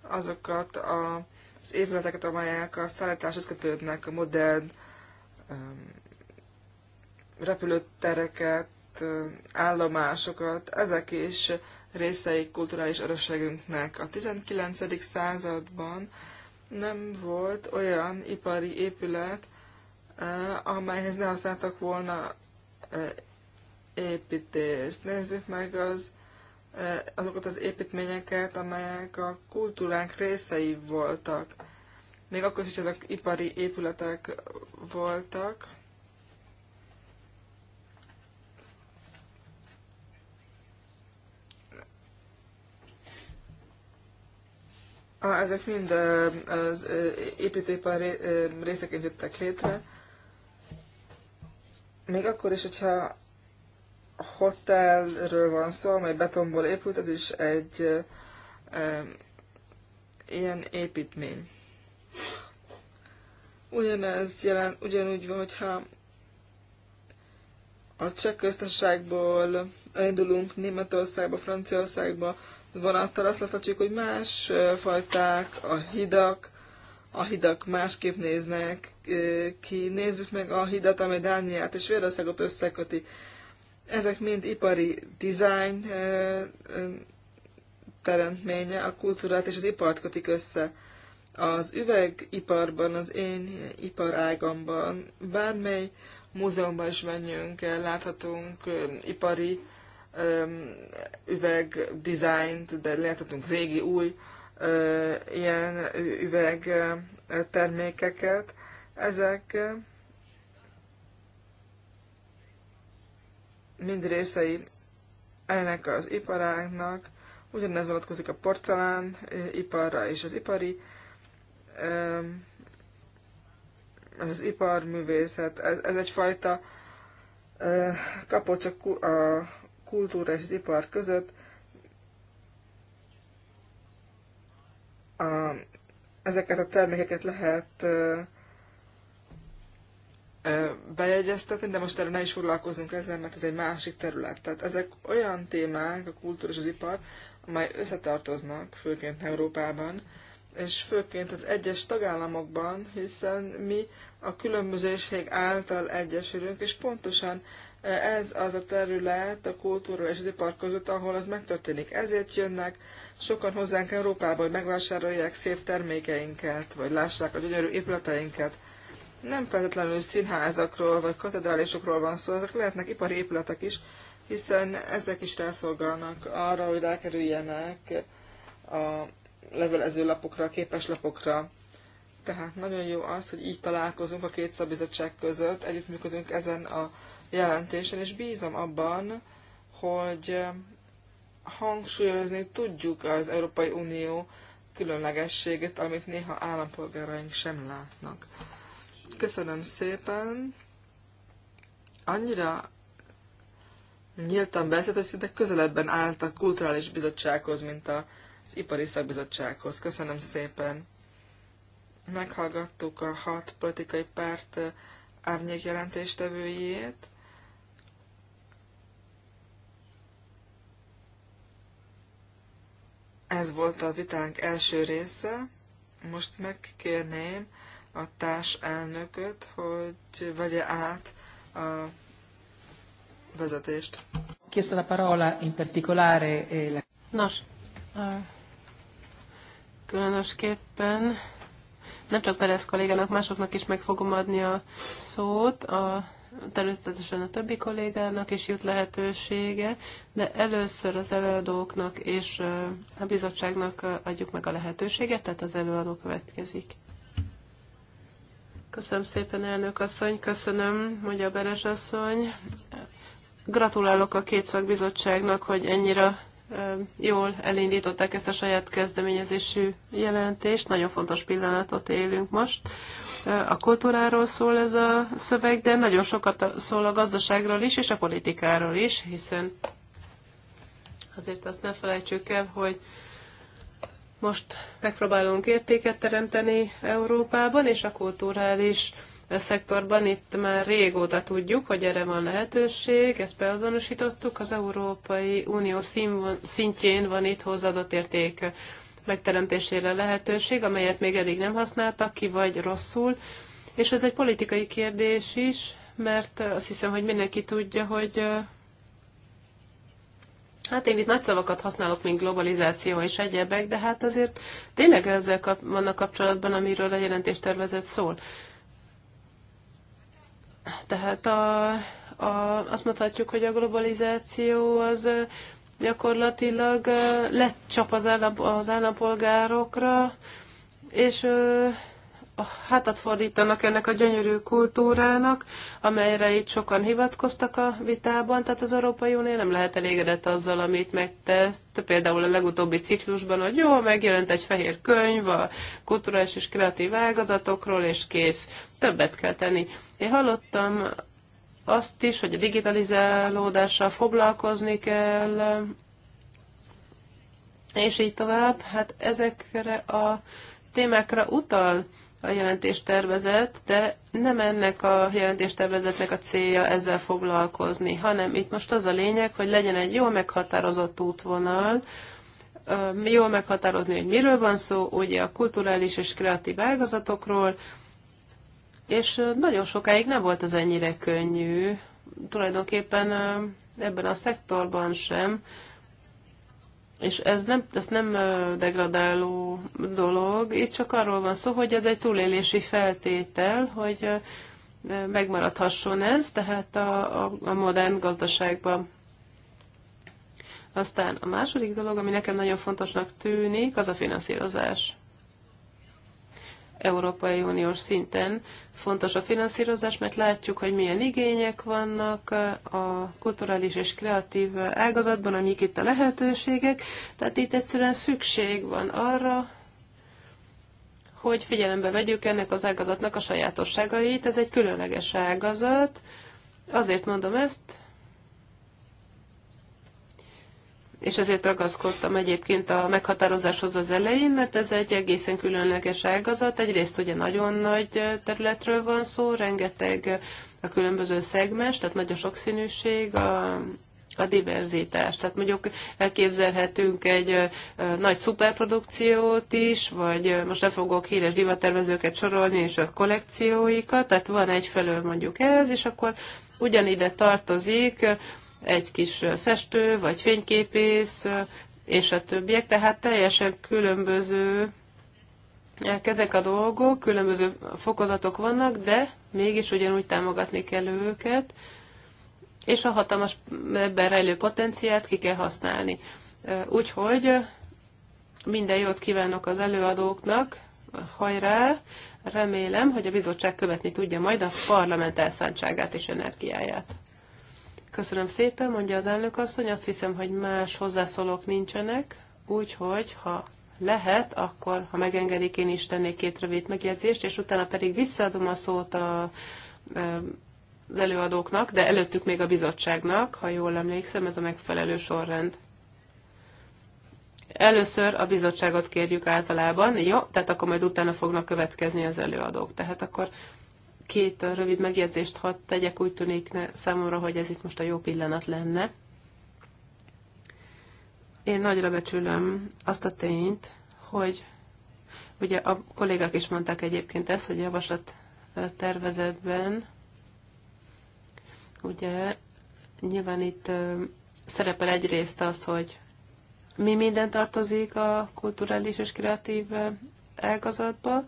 azokat a, az épületeket, amelyek a szállításhoz kötődnek, a modern repülőtereket, állomásokat, ezek is részei kulturális örökségünknek. A 19. században nem volt olyan ipari épület, amelyhez ne használtak volna építést. Nézzük meg az, azokat az építményeket, amelyek a kultúránk részei voltak. Még akkor is, hogy ezek ipari épületek voltak, A ezek mind az építőipar részeként jöttek létre. Még akkor is, hogyha hotelről van szó, amely betonból épült, ez is egy e, ilyen építmény. Ugyanez jelen, ugyanúgy van, hogyha a cseh köztársaságból elindulunk Németországba, Franciaországba, vonattal azt láthatjuk, hogy más fajták, a hidak, a hidak másképp néznek ki. Nézzük meg a hidat, amely Dániát és Vérországot összeköti. Ezek mind ipari design teremtménye, a kultúrát és az ipart kötik össze. Az üvegiparban, az én iparágamban, bármely múzeumban is menjünk, láthatunk ipari üveg dizájnt, de láthatunk régi, új ilyen üveg termékeket. Ezek mind részei ennek az iparágnak, ugyanez vonatkozik a porcelán iparra és az ipari ez az iparművészet, ez, egyfajta kapocs a kultúra és az ipar között. A, ezeket a termékeket lehet ö, ö, bejegyeztetni, de most erre ne is foglalkozunk ezzel, mert ez egy másik terület. Tehát ezek olyan témák, a kultúra és az ipar, amely összetartoznak, főként Európában, és főként az egyes tagállamokban, hiszen mi a különbözőség által egyesülünk, és pontosan ez az a terület a kultúra és az ipar között, ahol az megtörténik. Ezért jönnek sokan hozzánk Európába, hogy megvásárolják szép termékeinket, vagy lássák a gyönyörű épületeinket. Nem feltétlenül színházakról vagy katedrálisokról van szó, ezek lehetnek ipari épületek is, hiszen ezek is rászolgálnak arra, hogy rákerüljenek a levelező lapokra, a képes lapokra. Tehát nagyon jó az, hogy így találkozunk a két szabizottság között, együttműködünk ezen a jelentésen, és bízom abban, hogy hangsúlyozni tudjuk az Európai Unió különlegességét, amit néha állampolgáraink sem látnak. Köszönöm szépen. Annyira nyíltan beszélt, hogy szinte közelebben állt a kulturális bizottsághoz, mint az ipari szakbizottsághoz. Köszönöm szépen. Meghallgattuk a hat politikai párt árnyék jelentéstevőjét. Ez volt a vitánk első része. Most megkérném a társ elnököt, hogy vegye át a vezetést. Kész a parola in particolare. Eh, Nos, különösképpen nem csak Perez kollégának, másoknak is meg fogom adni a szót. A természetesen a többi kollégának is jut lehetősége, de először az előadóknak és a bizottságnak adjuk meg a lehetőséget, tehát az előadó következik. Köszönöm szépen, elnök asszony, köszönöm, mondja Beres asszony. Gratulálok a két szakbizottságnak, hogy ennyire jól elindították ezt a saját kezdeményezésű jelentést. Nagyon fontos pillanatot élünk most. A kultúráról szól ez a szöveg, de nagyon sokat szól a gazdaságról is, és a politikáról is, hiszen azért azt ne felejtsük el, hogy most megpróbálunk értéket teremteni Európában, és a kulturális is szektorban. Itt már régóta tudjuk, hogy erre van lehetőség, ezt beazonosítottuk. Az Európai Unió szintjén van itt hozzáadott érték megteremtésére lehetőség, amelyet még eddig nem használtak ki, vagy rosszul. És ez egy politikai kérdés is, mert azt hiszem, hogy mindenki tudja, hogy Hát én itt nagy szavakat használok, mint globalizáció és egyebek, de hát azért tényleg ezzel kap, vannak kapcsolatban, amiről a jelentéstervezet szól. Tehát a, a, azt mondhatjuk, hogy a globalizáció az gyakorlatilag lecsap az, állam, az állampolgárokra, és a hátat fordítanak ennek a gyönyörű kultúrának, amelyre itt sokan hivatkoztak a vitában, tehát az Európai Unió nem lehet elégedett azzal, amit megtett, például a legutóbbi ciklusban, hogy jó, megjelent egy fehér könyv a kulturális és kreatív ágazatokról, és kész. Többet kell tenni. Én hallottam azt is, hogy a digitalizálódással foglalkozni kell, és így tovább. Hát ezekre a témákra utal a jelentéstervezet, de nem ennek a jelentéstervezetnek a célja ezzel foglalkozni, hanem itt most az a lényeg, hogy legyen egy jól meghatározott útvonal, jól meghatározni, hogy miről van szó, ugye a kulturális és kreatív ágazatokról, és nagyon sokáig nem volt az ennyire könnyű, tulajdonképpen ebben a szektorban sem, és ez nem, ez nem degradáló dolog, itt csak arról van szó, hogy ez egy túlélési feltétel, hogy megmaradhasson ez, tehát a, a, a modern gazdaságban. Aztán a második dolog, ami nekem nagyon fontosnak tűnik, az a finanszírozás. Európai Uniós szinten. Fontos a finanszírozás, mert látjuk, hogy milyen igények vannak eh, a kulturális és kreatív eh, ágazatban, amik itt a lehetőségek. Tehát itt egyszerűen szükség van arra, hogy figyelembe vegyük ennek az ágazatnak a sajátosságait. Ez egy különleges ágazat. Azért mondom ezt, és ezért ragaszkodtam egyébként a meghatározáshoz az elején, mert ez egy egészen különleges ágazat. Egyrészt ugye nagyon nagy területről van szó, rengeteg a különböző szegmens, tehát nagy a sokszínűség, a, a diverzitás. Tehát mondjuk elképzelhetünk egy nagy szuperprodukciót is, vagy most nem fogok híres divattervezőket sorolni, és a kollekcióikat, tehát van egyfelől mondjuk ez, és akkor ugyanide tartozik egy kis festő, vagy fényképész, és a többiek, tehát teljesen különböző eh, ezek a dolgok, különböző fokozatok vannak, de mégis ugyanúgy támogatni kell őket, és a hatalmas ebben rejlő potenciált ki kell használni. Eh, úgyhogy minden jót kívánok az előadóknak, hajrá! Remélem, hogy a bizottság követni tudja majd a parlament elszántságát és energiáját. Köszönöm szépen, mondja az elnök asszony. Azt hiszem, hogy más hozzászólók nincsenek, úgyhogy ha lehet, akkor, ha megengedik, én is tennék két rövid megjegyzést, és utána pedig visszaadom a szót a, az előadóknak, de előttük még a bizottságnak, ha jól emlékszem, ez a megfelelő sorrend. Először a bizottságot kérjük általában, jó, tehát akkor majd utána fognak következni az előadók. Tehát akkor két rövid megjegyzést hadd tegyek, úgy tűnik ne, számomra, hogy ez itt most a jó pillanat lenne. Én nagyra becsülöm azt a tényt, hogy ugye a kollégák is mondták egyébként ezt, hogy javaslat tervezetben ugye nyilván itt szerepel egyrészt az, hogy mi minden tartozik a kulturális és kreatív ágazatba,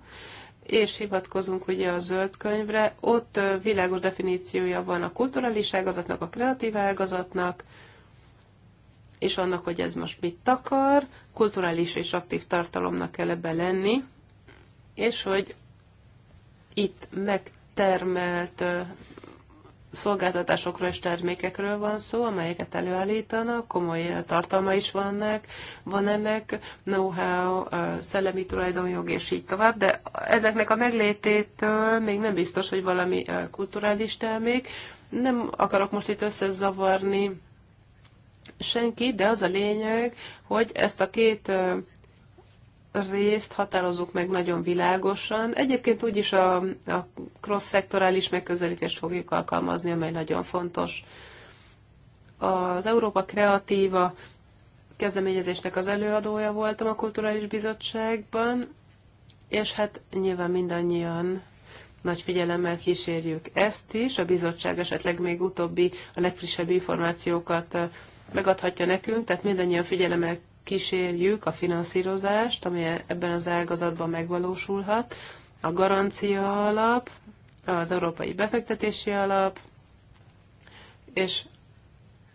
és hivatkozunk ugye a zöld könyvre, ott világos definíciója van a kulturális ágazatnak, a kreatív ágazatnak, és annak, hogy ez most mit takar, kulturális és aktív tartalomnak kell ebbe lenni, és hogy itt megtermelt szolgáltatásokról és termékekről van szó, amelyeket előállítanak, komoly eh, tartalma is vannak, van ennek know-how, eh, szellemi tulajdonjog és így tovább, de ezeknek a meglététől még nem biztos, hogy valami eh, kulturális termék. Nem akarok most itt összezavarni senki, de az a lényeg, hogy ezt a két részt határozzuk meg nagyon világosan. Egyébként úgyis a, a cross-szektorális megközelítést fogjuk alkalmazni, amely nagyon fontos. Az Európa Kreatíva kezdeményezésnek az előadója voltam a Kulturális Bizottságban, és hát nyilván mindannyian nagy figyelemmel kísérjük ezt is. A bizottság esetleg még utóbbi, a legfrissebb információkat megadhatja nekünk, tehát mindannyian figyelemmel kísérjük a finanszírozást, ami ebben az ágazatban megvalósulhat, a garancia alap, az európai befektetési alap, és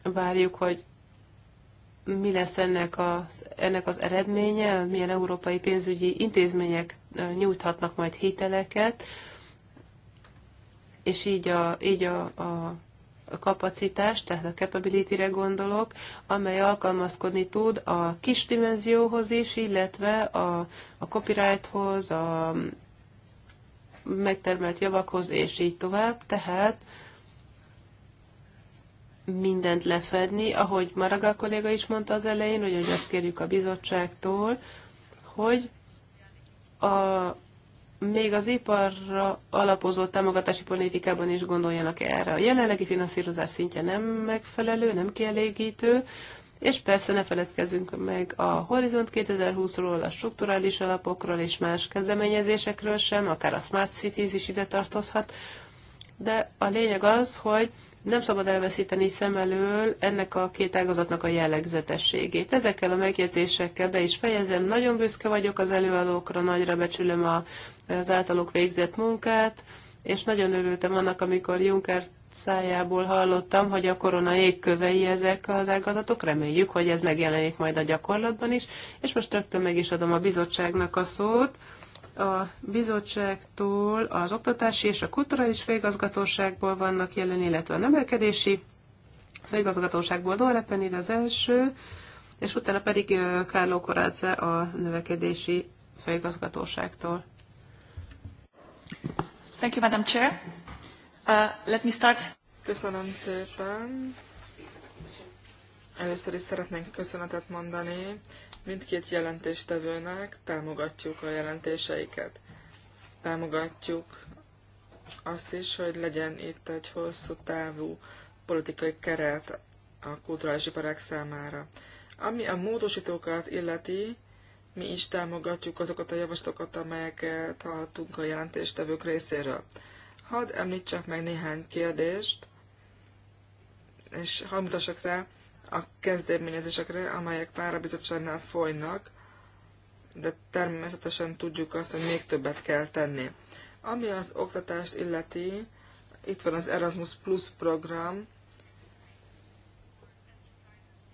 várjuk, hogy mi lesz ennek az, ennek az eredménye, milyen európai pénzügyi intézmények nyújthatnak majd hiteleket, és így a, így a, a kapacitás, tehát a capability-re gondolok, amely alkalmazkodni tud a kis dimenzióhoz is, illetve a, a copyrighthoz, a megtermelt javakhoz, és így tovább. Tehát mindent lefedni, ahogy Maraga kolléga is mondta az elején, hogy azt kérjük a bizottságtól, hogy a még az iparra alapozott támogatási politikában is gondoljanak erre. A jelenlegi finanszírozás szintje nem megfelelő, nem kielégítő, és persze ne feledkezzünk meg a Horizont 2020-ról, a strukturális alapokról és más kezdeményezésekről sem, akár a Smart Cities is ide tartozhat, de a lényeg az, hogy nem szabad elveszíteni szem elől ennek a két ágazatnak a jellegzetességét. Ezekkel a megjegyzésekkel be is fejezem. Nagyon büszke vagyok az előadókra, nagyra becsülöm a, az általuk végzett munkát, és nagyon örültem annak, amikor Juncker szájából hallottam, hogy a korona égkövei ezek az ágazatok. Reméljük, hogy ez megjelenik majd a gyakorlatban is. És most rögtön meg is adom a bizottságnak a szót a bizottságtól az oktatási és a kulturális főigazgatóságból vannak jelen, illetve a növekedési főigazgatóságból Dóra Penid az első, és utána pedig Kárló Koráce a növekedési főigazgatóságtól. Thank you, Madam Chair. Uh, let me start. Köszönöm szépen. Először is szeretnénk köszönetet mondani Mindkét jelentéstevőnek támogatjuk a jelentéseiket. Támogatjuk azt is, hogy legyen itt egy hosszú távú politikai keret a kulturális iparák számára. Ami a módosítókat illeti, mi is támogatjuk azokat a javaslatokat, amelyeket hallhattunk a jelentéstevők részéről. Hadd említsek meg néhány kérdést, és hadd rá a kezdeményezésekre, amelyek már a bizottságnál folynak, de természetesen tudjuk azt, hogy még többet kell tenni. Ami az oktatást illeti, itt van az Erasmus Plus program,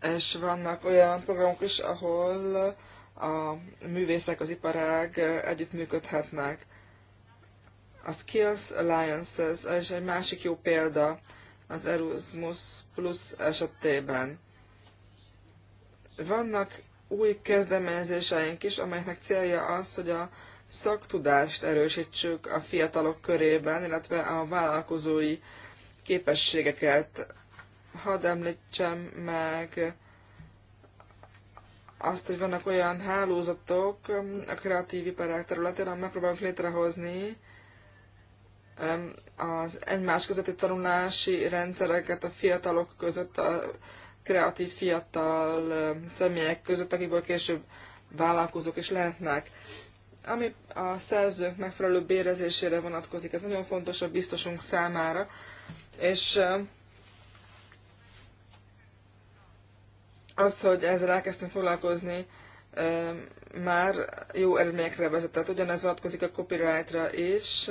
és vannak olyan programok is, ahol a művészek, az iparág együttműködhetnek. A Skills Alliances ez egy másik jó példa az Erasmus Plus esetében. Vannak új kezdeményezéseink is, amelyeknek célja az, hogy a szaktudást erősítsük a fiatalok körében, illetve a vállalkozói képességeket. Hadd említsem meg azt, hogy vannak olyan hálózatok a kreatív iparák területén, amit megpróbálunk létrehozni az egymás közötti tanulási rendszereket a fiatalok között, a kreatív fiatal személyek között, akikből később vállalkozók is lehetnek. Ami a szerzők megfelelő bérezésére vonatkozik, ez nagyon fontos a biztosunk számára, és az, hogy ezzel elkezdtünk foglalkozni, már jó eredményekre vezetett. Ugyanez vonatkozik a copyrightra is.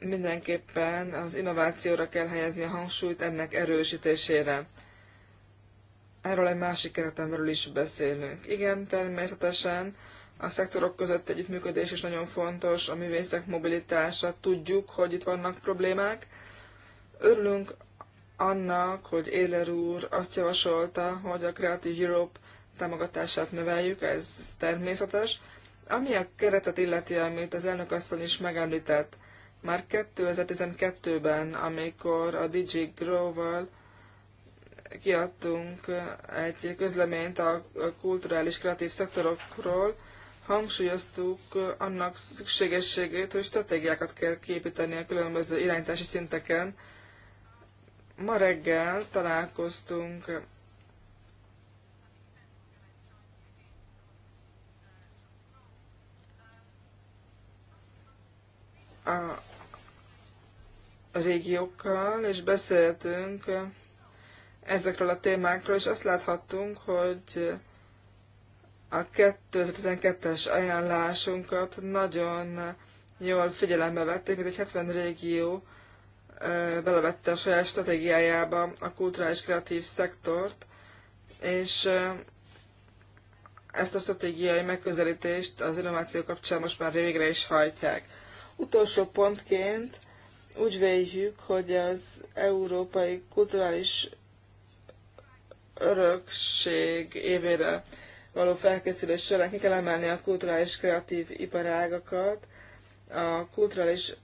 Mindenképpen az innovációra kell helyezni a hangsúlyt ennek erősítésére erről egy másik keretemről belül is beszélünk. Igen, természetesen a szektorok között együttműködés is nagyon fontos, a művészek mobilitása, tudjuk, hogy itt vannak problémák. Örülünk annak, hogy Éler úr azt javasolta, hogy a Creative Europe támogatását növeljük, ez természetes. Ami a keretet illeti, amit az elnök asszony is megemlített, már 2012-ben, amikor a DJ Grow-val kiadtunk egy közleményt a kulturális kreatív szektorokról, hangsúlyoztuk annak szükségességét, hogy stratégiákat kell képíteni a különböző irányítási szinteken. Ma reggel találkoztunk a régiókkal, és beszéltünk ezekről a témákról, és azt láthattunk, hogy a 2012-es ajánlásunkat nagyon jól figyelembe vették, mint egy 70 régió belevette a saját stratégiájába a kulturális kreatív szektort, és ezt a stratégiai megközelítést az innováció kapcsán most már végre is hajtják. Utolsó pontként úgy véljük, hogy az európai kulturális örökség évére való felkészülés során ki kell emelni a kulturális kreatív iparágakat, a kulturális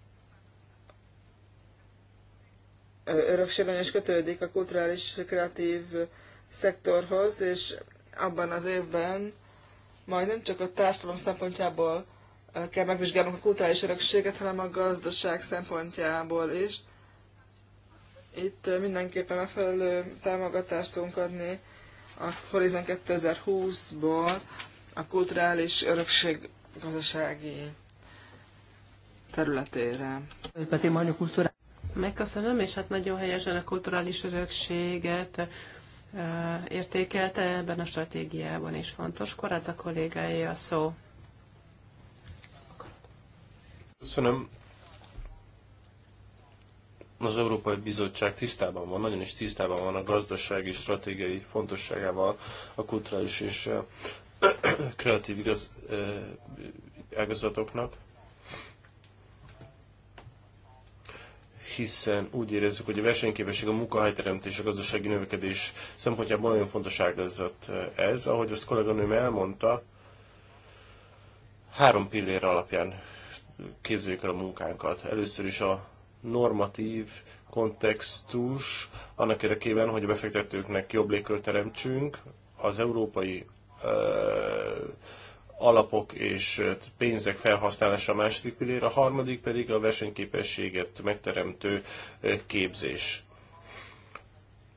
örökségben is kötődik a kulturális kreatív szektorhoz, és abban az évben majd nem csak a társadalom szempontjából kell megvizsgálnunk a kulturális örökséget, hanem a gazdaság szempontjából is. Itt mindenképpen megfelelő támogatást tudunk adni a Horizon 2020-ból a kulturális örökség gazdasági területére. Megköszönöm, és hát nagyon helyesen a kulturális örökséget értékelte ebben a stratégiában is fontos. a kollégája a szó. Köszönöm az Európai Bizottság tisztában van, nagyon is tisztában van a gazdasági stratégiai fontosságával, a kulturális és *clears throat* kreatív igaz, ágazatoknak, hiszen úgy érezzük, hogy a versenyképesség, a munkahelyteremtés, a gazdasági növekedés szempontjából nagyon fontos ágazat ez. Ahogy azt kolléganőm elmondta, három pillér alapján képzeljük el a munkánkat. Először is a normatív kontextus annak érdekében, hogy a befektetőknek jobb légkört teremtsünk, az európai alapok és pénzek felhasználása a második pillér, a harmadik pedig a versenyképességet megteremtő képzés.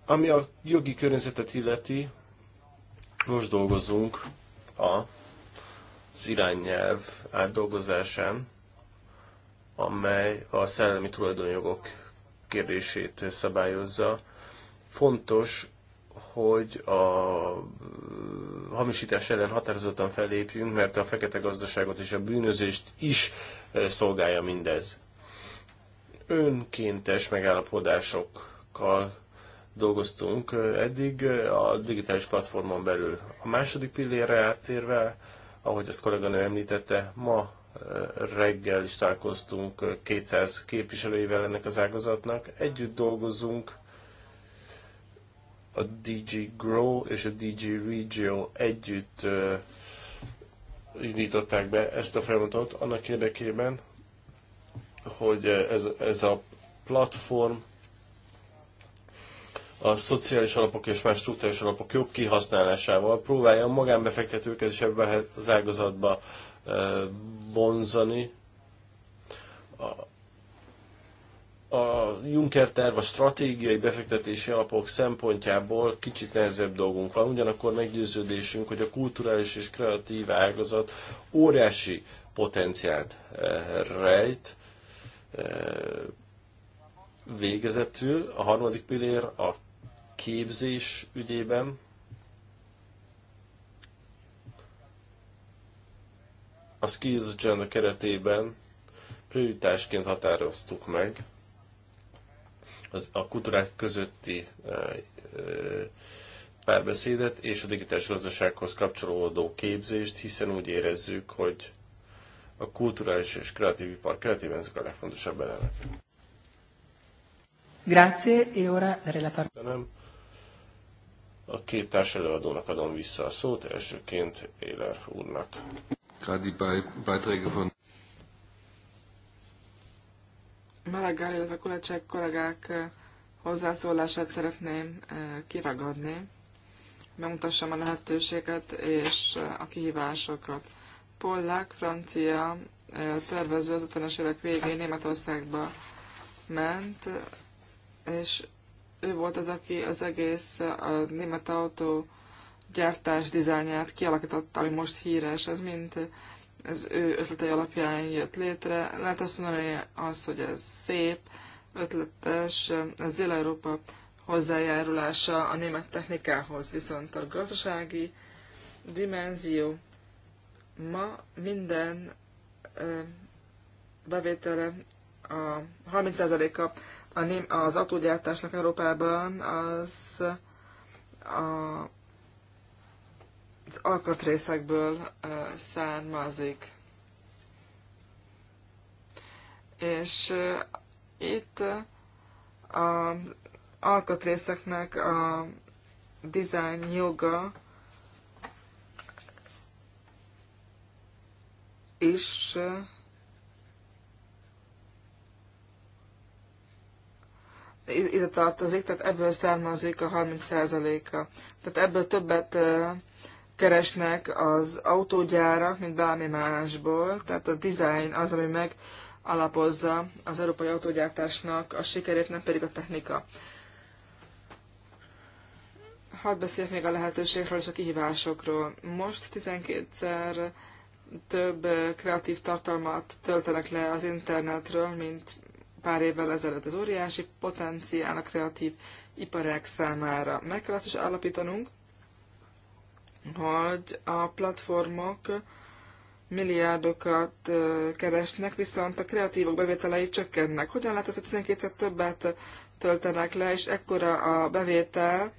Ami a jogi környezetet illeti, most dolgozunk a az irányelv átdolgozásán amely a szellemi tulajdonjogok kérdését szabályozza. Fontos, hogy a hamisítás ellen határozottan fellépjünk, mert a fekete gazdaságot és a bűnözést is eh, szolgálja mindez. Önkéntes megállapodásokkal dolgoztunk eh, eddig eh, a digitális platformon belül. A második pillére áttérve, ahogy azt kolléganő említette, ma reggel is találkoztunk 200 képviselőivel ennek az ágazatnak. Együtt dolgozunk a DG Grow és a DG Regio együtt indították be ezt a folyamatot annak érdekében, hogy ez, ez a platform a szociális alapok és más struktúrális alapok jobb kihasználásával próbálja a magánbefektetők ez is ebben az ágazatban vonzani. A, a Juncker terv a stratégiai befektetési alapok szempontjából kicsit nehezebb dolgunk van, ugyanakkor meggyőződésünk, hogy a kulturális és kreatív ágazat óriási potenciált rejt, végezetül a harmadik pillér a képzés ügyében a Skills Gen keretében prioritásként határoztuk meg az, a kultúrák közötti e, e, párbeszédet és a digitális gazdasághoz kapcsolódó képzést, hiszen úgy érezzük, hogy a kulturális és kreatív ipar keretében ezek a legfontosabb elemek. Grazie, e ora la parola. A két társ előadónak adom vissza a szót, elsőként Éler úrnak. Gerade die Be Beiträge von Melegel, illetve Kulecsek kollégák eh, hozzászólását szeretném eh, kiragadni, bemutassam a lehetőséget és eh, a kihívásokat. Pollák, francia tervező az 50-es évek végén Németországba ment, és ő volt az, aki az egész a német autó gyártás dizájnját kialakította, ami most híres, ez mint az ő ötletei alapján jött létre. Lehet azt mondani, az, hogy ez szép, ötletes, ez Dél-Európa hozzájárulása a német technikához, viszont a gazdasági dimenzió ma minden bevétele a 30%-a az autógyártásnak Európában az a az alkatrészekből származik. És itt az alkatrészeknek a dizájn joga is ide tartozik, tehát ebből származik a 30%-a. Tehát ebből többet keresnek az autógyárak, mint bármi másból, tehát a design az, ami meg alapozza az európai autógyártásnak a sikerét, nem pedig a technika. Hadd beszéljek még a lehetőségről és a kihívásokról. Most 12-szer több kreatív tartalmat töltenek le az internetről, mint pár évvel ezelőtt. Az óriási potenciál a kreatív iparák számára. Meg kell azt is állapítanunk, hogy a platformok milliárdokat keresnek, viszont a kreatívok bevételei csökkennek. Hogyan lehet az, hogy 12 többet töltenek le, és ekkora a bevétel,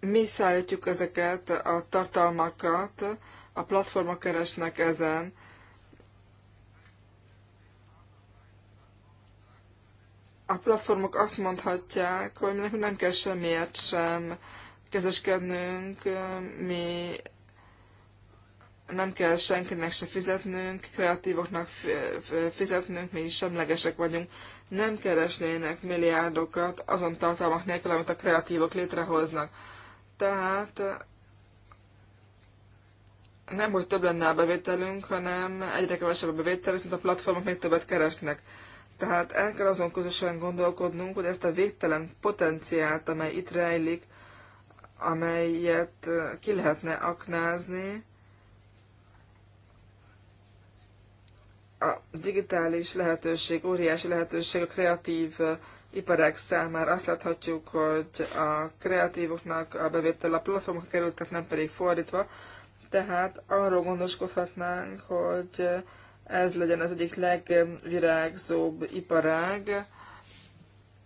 mi szállítjuk ezeket a tartalmakat, a platformok keresnek ezen. A platformok azt mondhatják, hogy nekünk nem kell semmiért sem kezeskednünk, mi nem kell senkinek se fizetnünk, kreatívoknak fizetnünk, mi is semlegesek vagyunk. Nem keresnének milliárdokat azon tartalmak nélkül, amit a kreatívok létrehoznak. Tehát nem, hogy több lenne a bevételünk, hanem egyre kevesebb a bevétel, viszont a platformok még többet keresnek. Tehát el kell azon közösen gondolkodnunk, hogy ezt a végtelen potenciált, amely itt rejlik, amelyet ki lehetne aknázni a digitális lehetőség, óriási lehetőség a kreatív iparák számára. Azt láthatjuk, hogy a kreatívoknak a bevétel a platformokra került, tehát nem pedig fordítva. Tehát arról gondoskodhatnánk, hogy ez legyen az egyik legvirágzóbb iparág,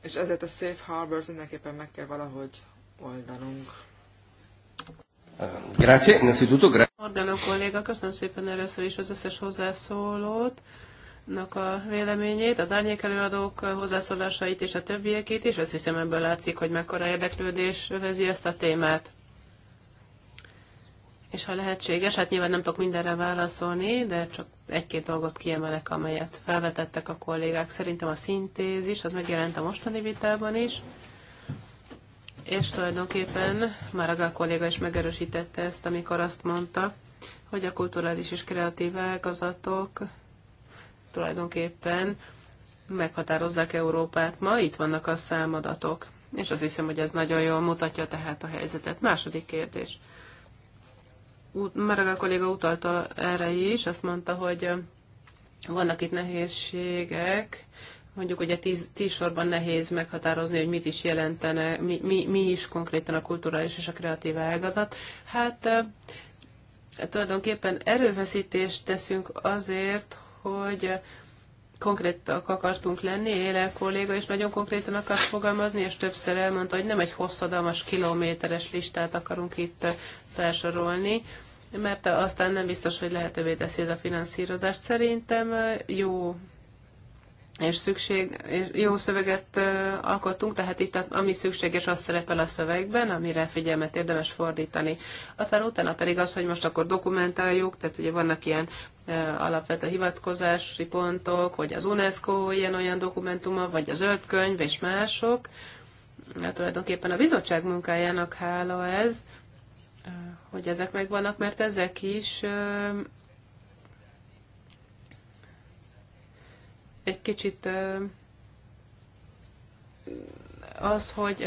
és ezért a Safe Harbor-t mindenképpen meg kell valahogy oldalunk. Grazie, innanzitutto grazie. Ordano kolléga, köszönöm szépen először is az összes hozzászólót a véleményét, az árnyék előadók hozzászólásait és a többiekét is. Azt hiszem ebből látszik, hogy mekkora érdeklődés övezi ezt a témát. És ha lehetséges, hát nyilván nem tudok mindenre válaszolni, de csak egy-két dolgot kiemelek, amelyet felvetettek a kollégák. Szerintem a szintézis, az megjelent a mostani vitában is. És tulajdonképpen Máraga kolléga is megerősítette ezt, amikor azt mondta, hogy a kulturális és kreatív ágazatok tulajdonképpen meghatározzák Európát. Ma itt vannak a számadatok, és azt hiszem, hogy ez nagyon jól mutatja tehát a helyzetet. Második kérdés. Maraga kolléga utalta erre is, azt mondta, hogy vannak itt nehézségek, mondjuk ugye tíz, tíz sorban nehéz meghatározni, hogy mit is jelentene, mi, mi, mi is konkrétan a kulturális és a kreatív ágazat. Hát tulajdonképpen erőfeszítést teszünk azért, hogy konkrétak akartunk lenni, Éle kolléga is nagyon konkrétan akart fogalmazni, és többször elmondta, hogy nem egy hosszadalmas kilométeres listát akarunk itt felsorolni, mert aztán nem biztos, hogy lehetővé teszi ez a finanszírozást. Szerintem jó és szükség, és jó szöveget alkottunk, tehát itt ami szükséges, az szerepel a szövegben, amire figyelmet érdemes fordítani. Aztán utána pedig az, hogy most akkor dokumentáljuk, tehát ugye vannak ilyen alapvető hivatkozási pontok, hogy az UNESCO ilyen-olyan dokumentuma, vagy a zöld könyv, és mások. Hát tulajdonképpen a bizottság munkájának hála ez, hogy ezek megvannak, mert ezek is egy kicsit az, hogy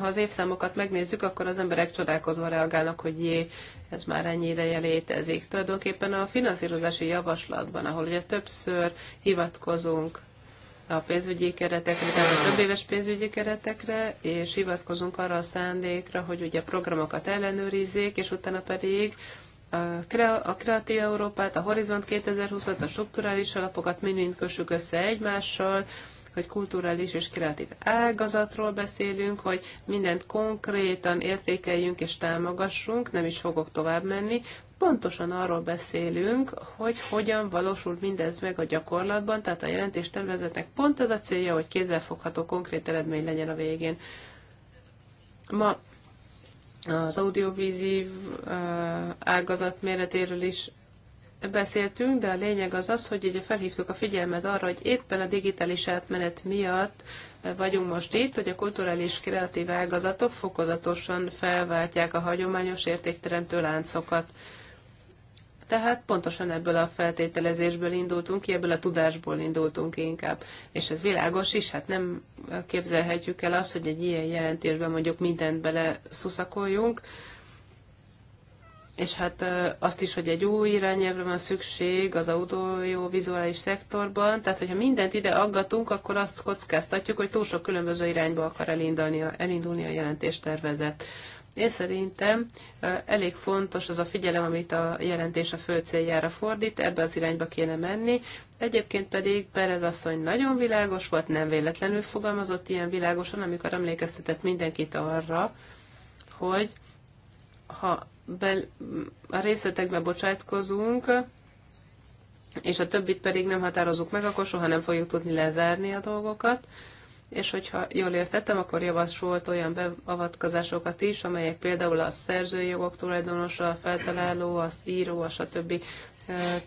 ha az évszámokat megnézzük, akkor az emberek csodálkozva reagálnak, hogy jé, ez már ennyi ideje létezik. Tulajdonképpen a finanszírozási javaslatban, ahol ugye többször hivatkozunk a pénzügyi keretekre, tehát a több éves pénzügyi keretekre, és hivatkozunk arra a szándékra, hogy ugye programokat ellenőrizzék, és utána pedig a Kreatív Európát, a Horizont 2020-at, a strukturális alapokat mind-mind kössük össze egymással, hogy kulturális és kreatív ágazatról beszélünk, hogy mindent konkrétan értékeljünk és támogassunk, nem is fogok tovább menni. Pontosan arról beszélünk, hogy hogyan valósul mindez meg a gyakorlatban, tehát a jelentés tervezetnek pont az a célja, hogy kézzelfogható konkrét eredmény legyen a végén. Ma az audiovízív ágazat méretéről is beszéltünk, de a lényeg az az, hogy ugye felhívtuk a figyelmet arra, hogy éppen a digitális átmenet miatt vagyunk most itt, hogy a kulturális kreatív ágazatok fokozatosan felváltják a hagyományos értékteremtő láncokat. Tehát pontosan ebből a feltételezésből indultunk ki, ebből a tudásból indultunk ki inkább. És ez világos is, hát nem képzelhetjük el azt, hogy egy ilyen jelentésben mondjuk mindent bele szuszakoljunk, és hát azt is, hogy egy új irányelvre van szükség az vizuális szektorban, tehát hogyha mindent ide aggatunk, akkor azt kockáztatjuk, hogy túl sok különböző irányba akar elindulni a, elindulni a jelentéstervezet. Én szerintem elég fontos az a figyelem, amit a jelentés a fő céljára fordít, ebbe az irányba kéne menni. Egyébként pedig Perez asszony nagyon világos volt, nem véletlenül fogalmazott ilyen világosan, amikor emlékeztetett mindenkit arra, hogy ha bel, a részletekbe bocsátkozunk, és a többit pedig nem határozunk meg, akkor soha nem fogjuk tudni lezárni a dolgokat és hogyha jól értettem, akkor javasolt olyan beavatkozásokat is, amelyek például a szerzői jogok tulajdonosa, a feltaláló, az író, a stb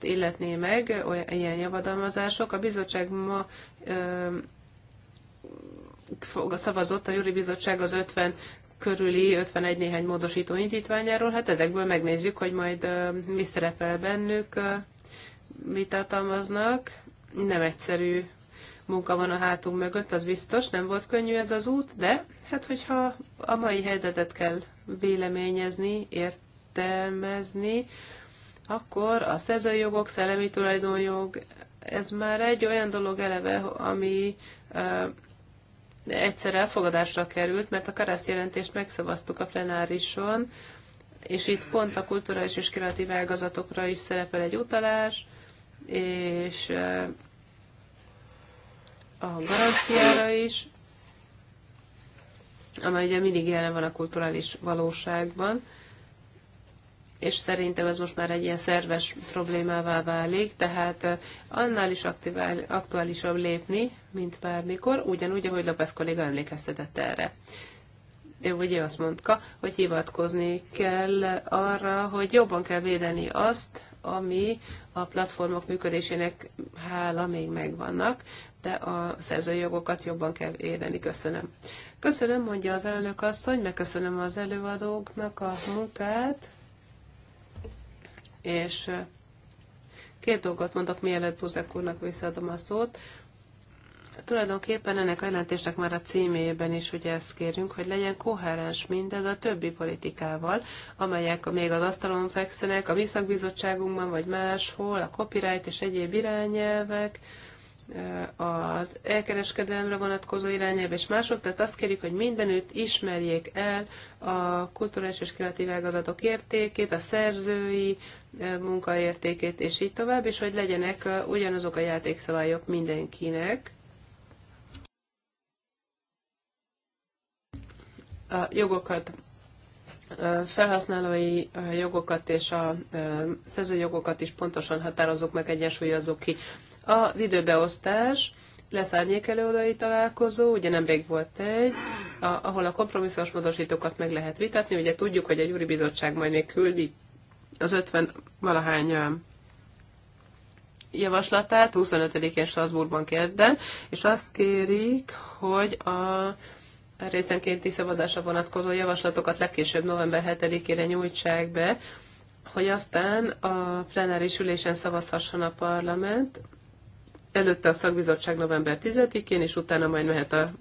illetné meg olyan, ilyen javadalmazások. A bizottság ma ö, szavazott, a Júri Bizottság az 50 körüli 51 néhány módosító indítványáról, hát ezekből megnézzük, hogy majd ö, mi szerepel bennük, ö, mit tartalmaznak. Nem egyszerű munka van a hátunk mögött, az biztos, nem volt könnyű ez az út, de hát hogyha a mai helyzetet kell véleményezni, értelmezni, akkor a szerzői jogok, szellemi tulajdonjog, ez már egy olyan dolog eleve, ami uh, egyszer elfogadásra került, mert a Karász jelentést megszavaztuk a plenárison, és itt pont a kulturális és kreatív ágazatokra is szerepel egy utalás, és a garanciára is, amely ugye mindig jelen van a kulturális valóságban, és szerintem ez most már egy ilyen szerves problémává válik, tehát eh, annál is aktivál, aktuálisabb lépni, mint bármikor, ugyanúgy, ahogy Lopez kolléga emlékeztetett erre. Én ugye azt mondta, hogy hivatkozni kell arra, hogy jobban kell védeni azt, ami a platformok működésének hála még megvannak, de a szerzői jogokat jobban kell érteni. Köszönöm. Köszönöm, mondja az elnök asszony, megköszönöm az előadóknak a munkát, és két dolgot mondok, mielőtt Buzek úrnak visszaadom a szót. Tulajdonképpen ennek a jelentésnek már a címében is ugye ezt kérünk, hogy legyen koherens mindez a többi politikával, amelyek még az asztalon fekszenek, a Visszakbizottságunkban vagy máshol, a copyright és egyéb irányelvek, az elkereskedelemre vonatkozó irányelv és mások, tehát azt kérjük, hogy mindenütt ismerjék el a kulturális és kreatív ágazatok értékét, a szerzői munkaértékét, és így tovább, és hogy legyenek ugyanazok a játékszabályok mindenkinek. A jogokat felhasználói jogokat és a szerzőjogokat is pontosan határozzuk meg, egyensúlyozzuk ki. Az időbeosztás lesz árnyékelődői találkozó, ugye nemrég volt egy, a, ahol a kompromisszós módosítókat meg lehet vitatni. Ugye tudjuk, hogy a Gyuri Bizottság majd még küldi az 50 valahány javaslatát 25-én Strasbourgban kedden, és azt kérik, hogy a részenkénti szavazásra vonatkozó javaslatokat legkésőbb november 7-ére nyújtsák be, hogy aztán a plenáris ülésen szavazhasson a parlament, előtte a szakbizottság november 10-én, és utána majd mehet a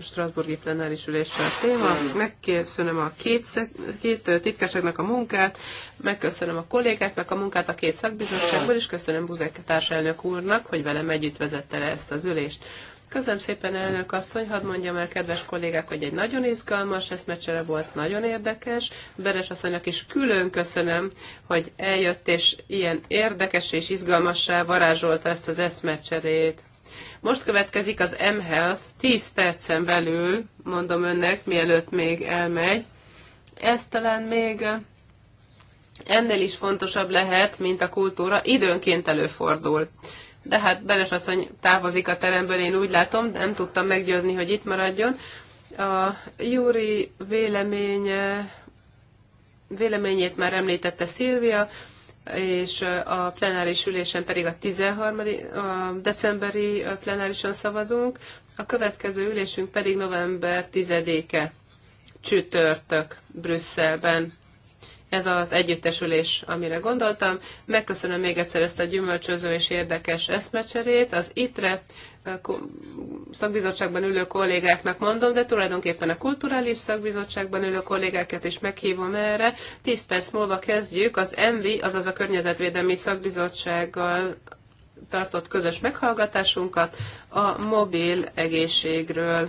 Strasburgi plenáris ülésre a téma. Megköszönöm a két, két titkárságnak a munkát, megköszönöm a kollégáknak a munkát a két szakbizottságból, és köszönöm Buzek társelnök úrnak, hogy velem együtt vezette le ezt az ülést. Köszönöm szépen, elnök asszony, hadd mondjam el, kedves kollégák, hogy egy nagyon izgalmas eszmecsere volt, nagyon érdekes. Beres asszonynak is külön köszönöm, hogy eljött és ilyen érdekes és izgalmassá varázsolta ezt az eszmecserét. Most következik az M-Health 10 percen belül, mondom önnek, mielőtt még elmegy. Ez talán még ennél is fontosabb lehet, mint a kultúra, időnként előfordul de hát Beres asszony távozik a teremből, én úgy látom, nem tudtam meggyőzni, hogy itt maradjon. A Júri véleménye, véleményét már említette Szilvia, és a plenáris ülésen pedig a 13. A decemberi plenárison szavazunk, a következő ülésünk pedig november 10-e csütörtök Brüsszelben ez az együttesülés, amire gondoltam. Megköszönöm még egyszer ezt a gyümölcsöző és érdekes eszmecserét. Az ITRE eh, szakbizottságban ülő kollégáknak mondom, de tulajdonképpen a kulturális szakbizottságban ülő kollégákat is meghívom erre. Tíz perc múlva kezdjük az ENVI, azaz a Környezetvédelmi Szakbizottsággal tartott közös meghallgatásunkat a mobil egészségről.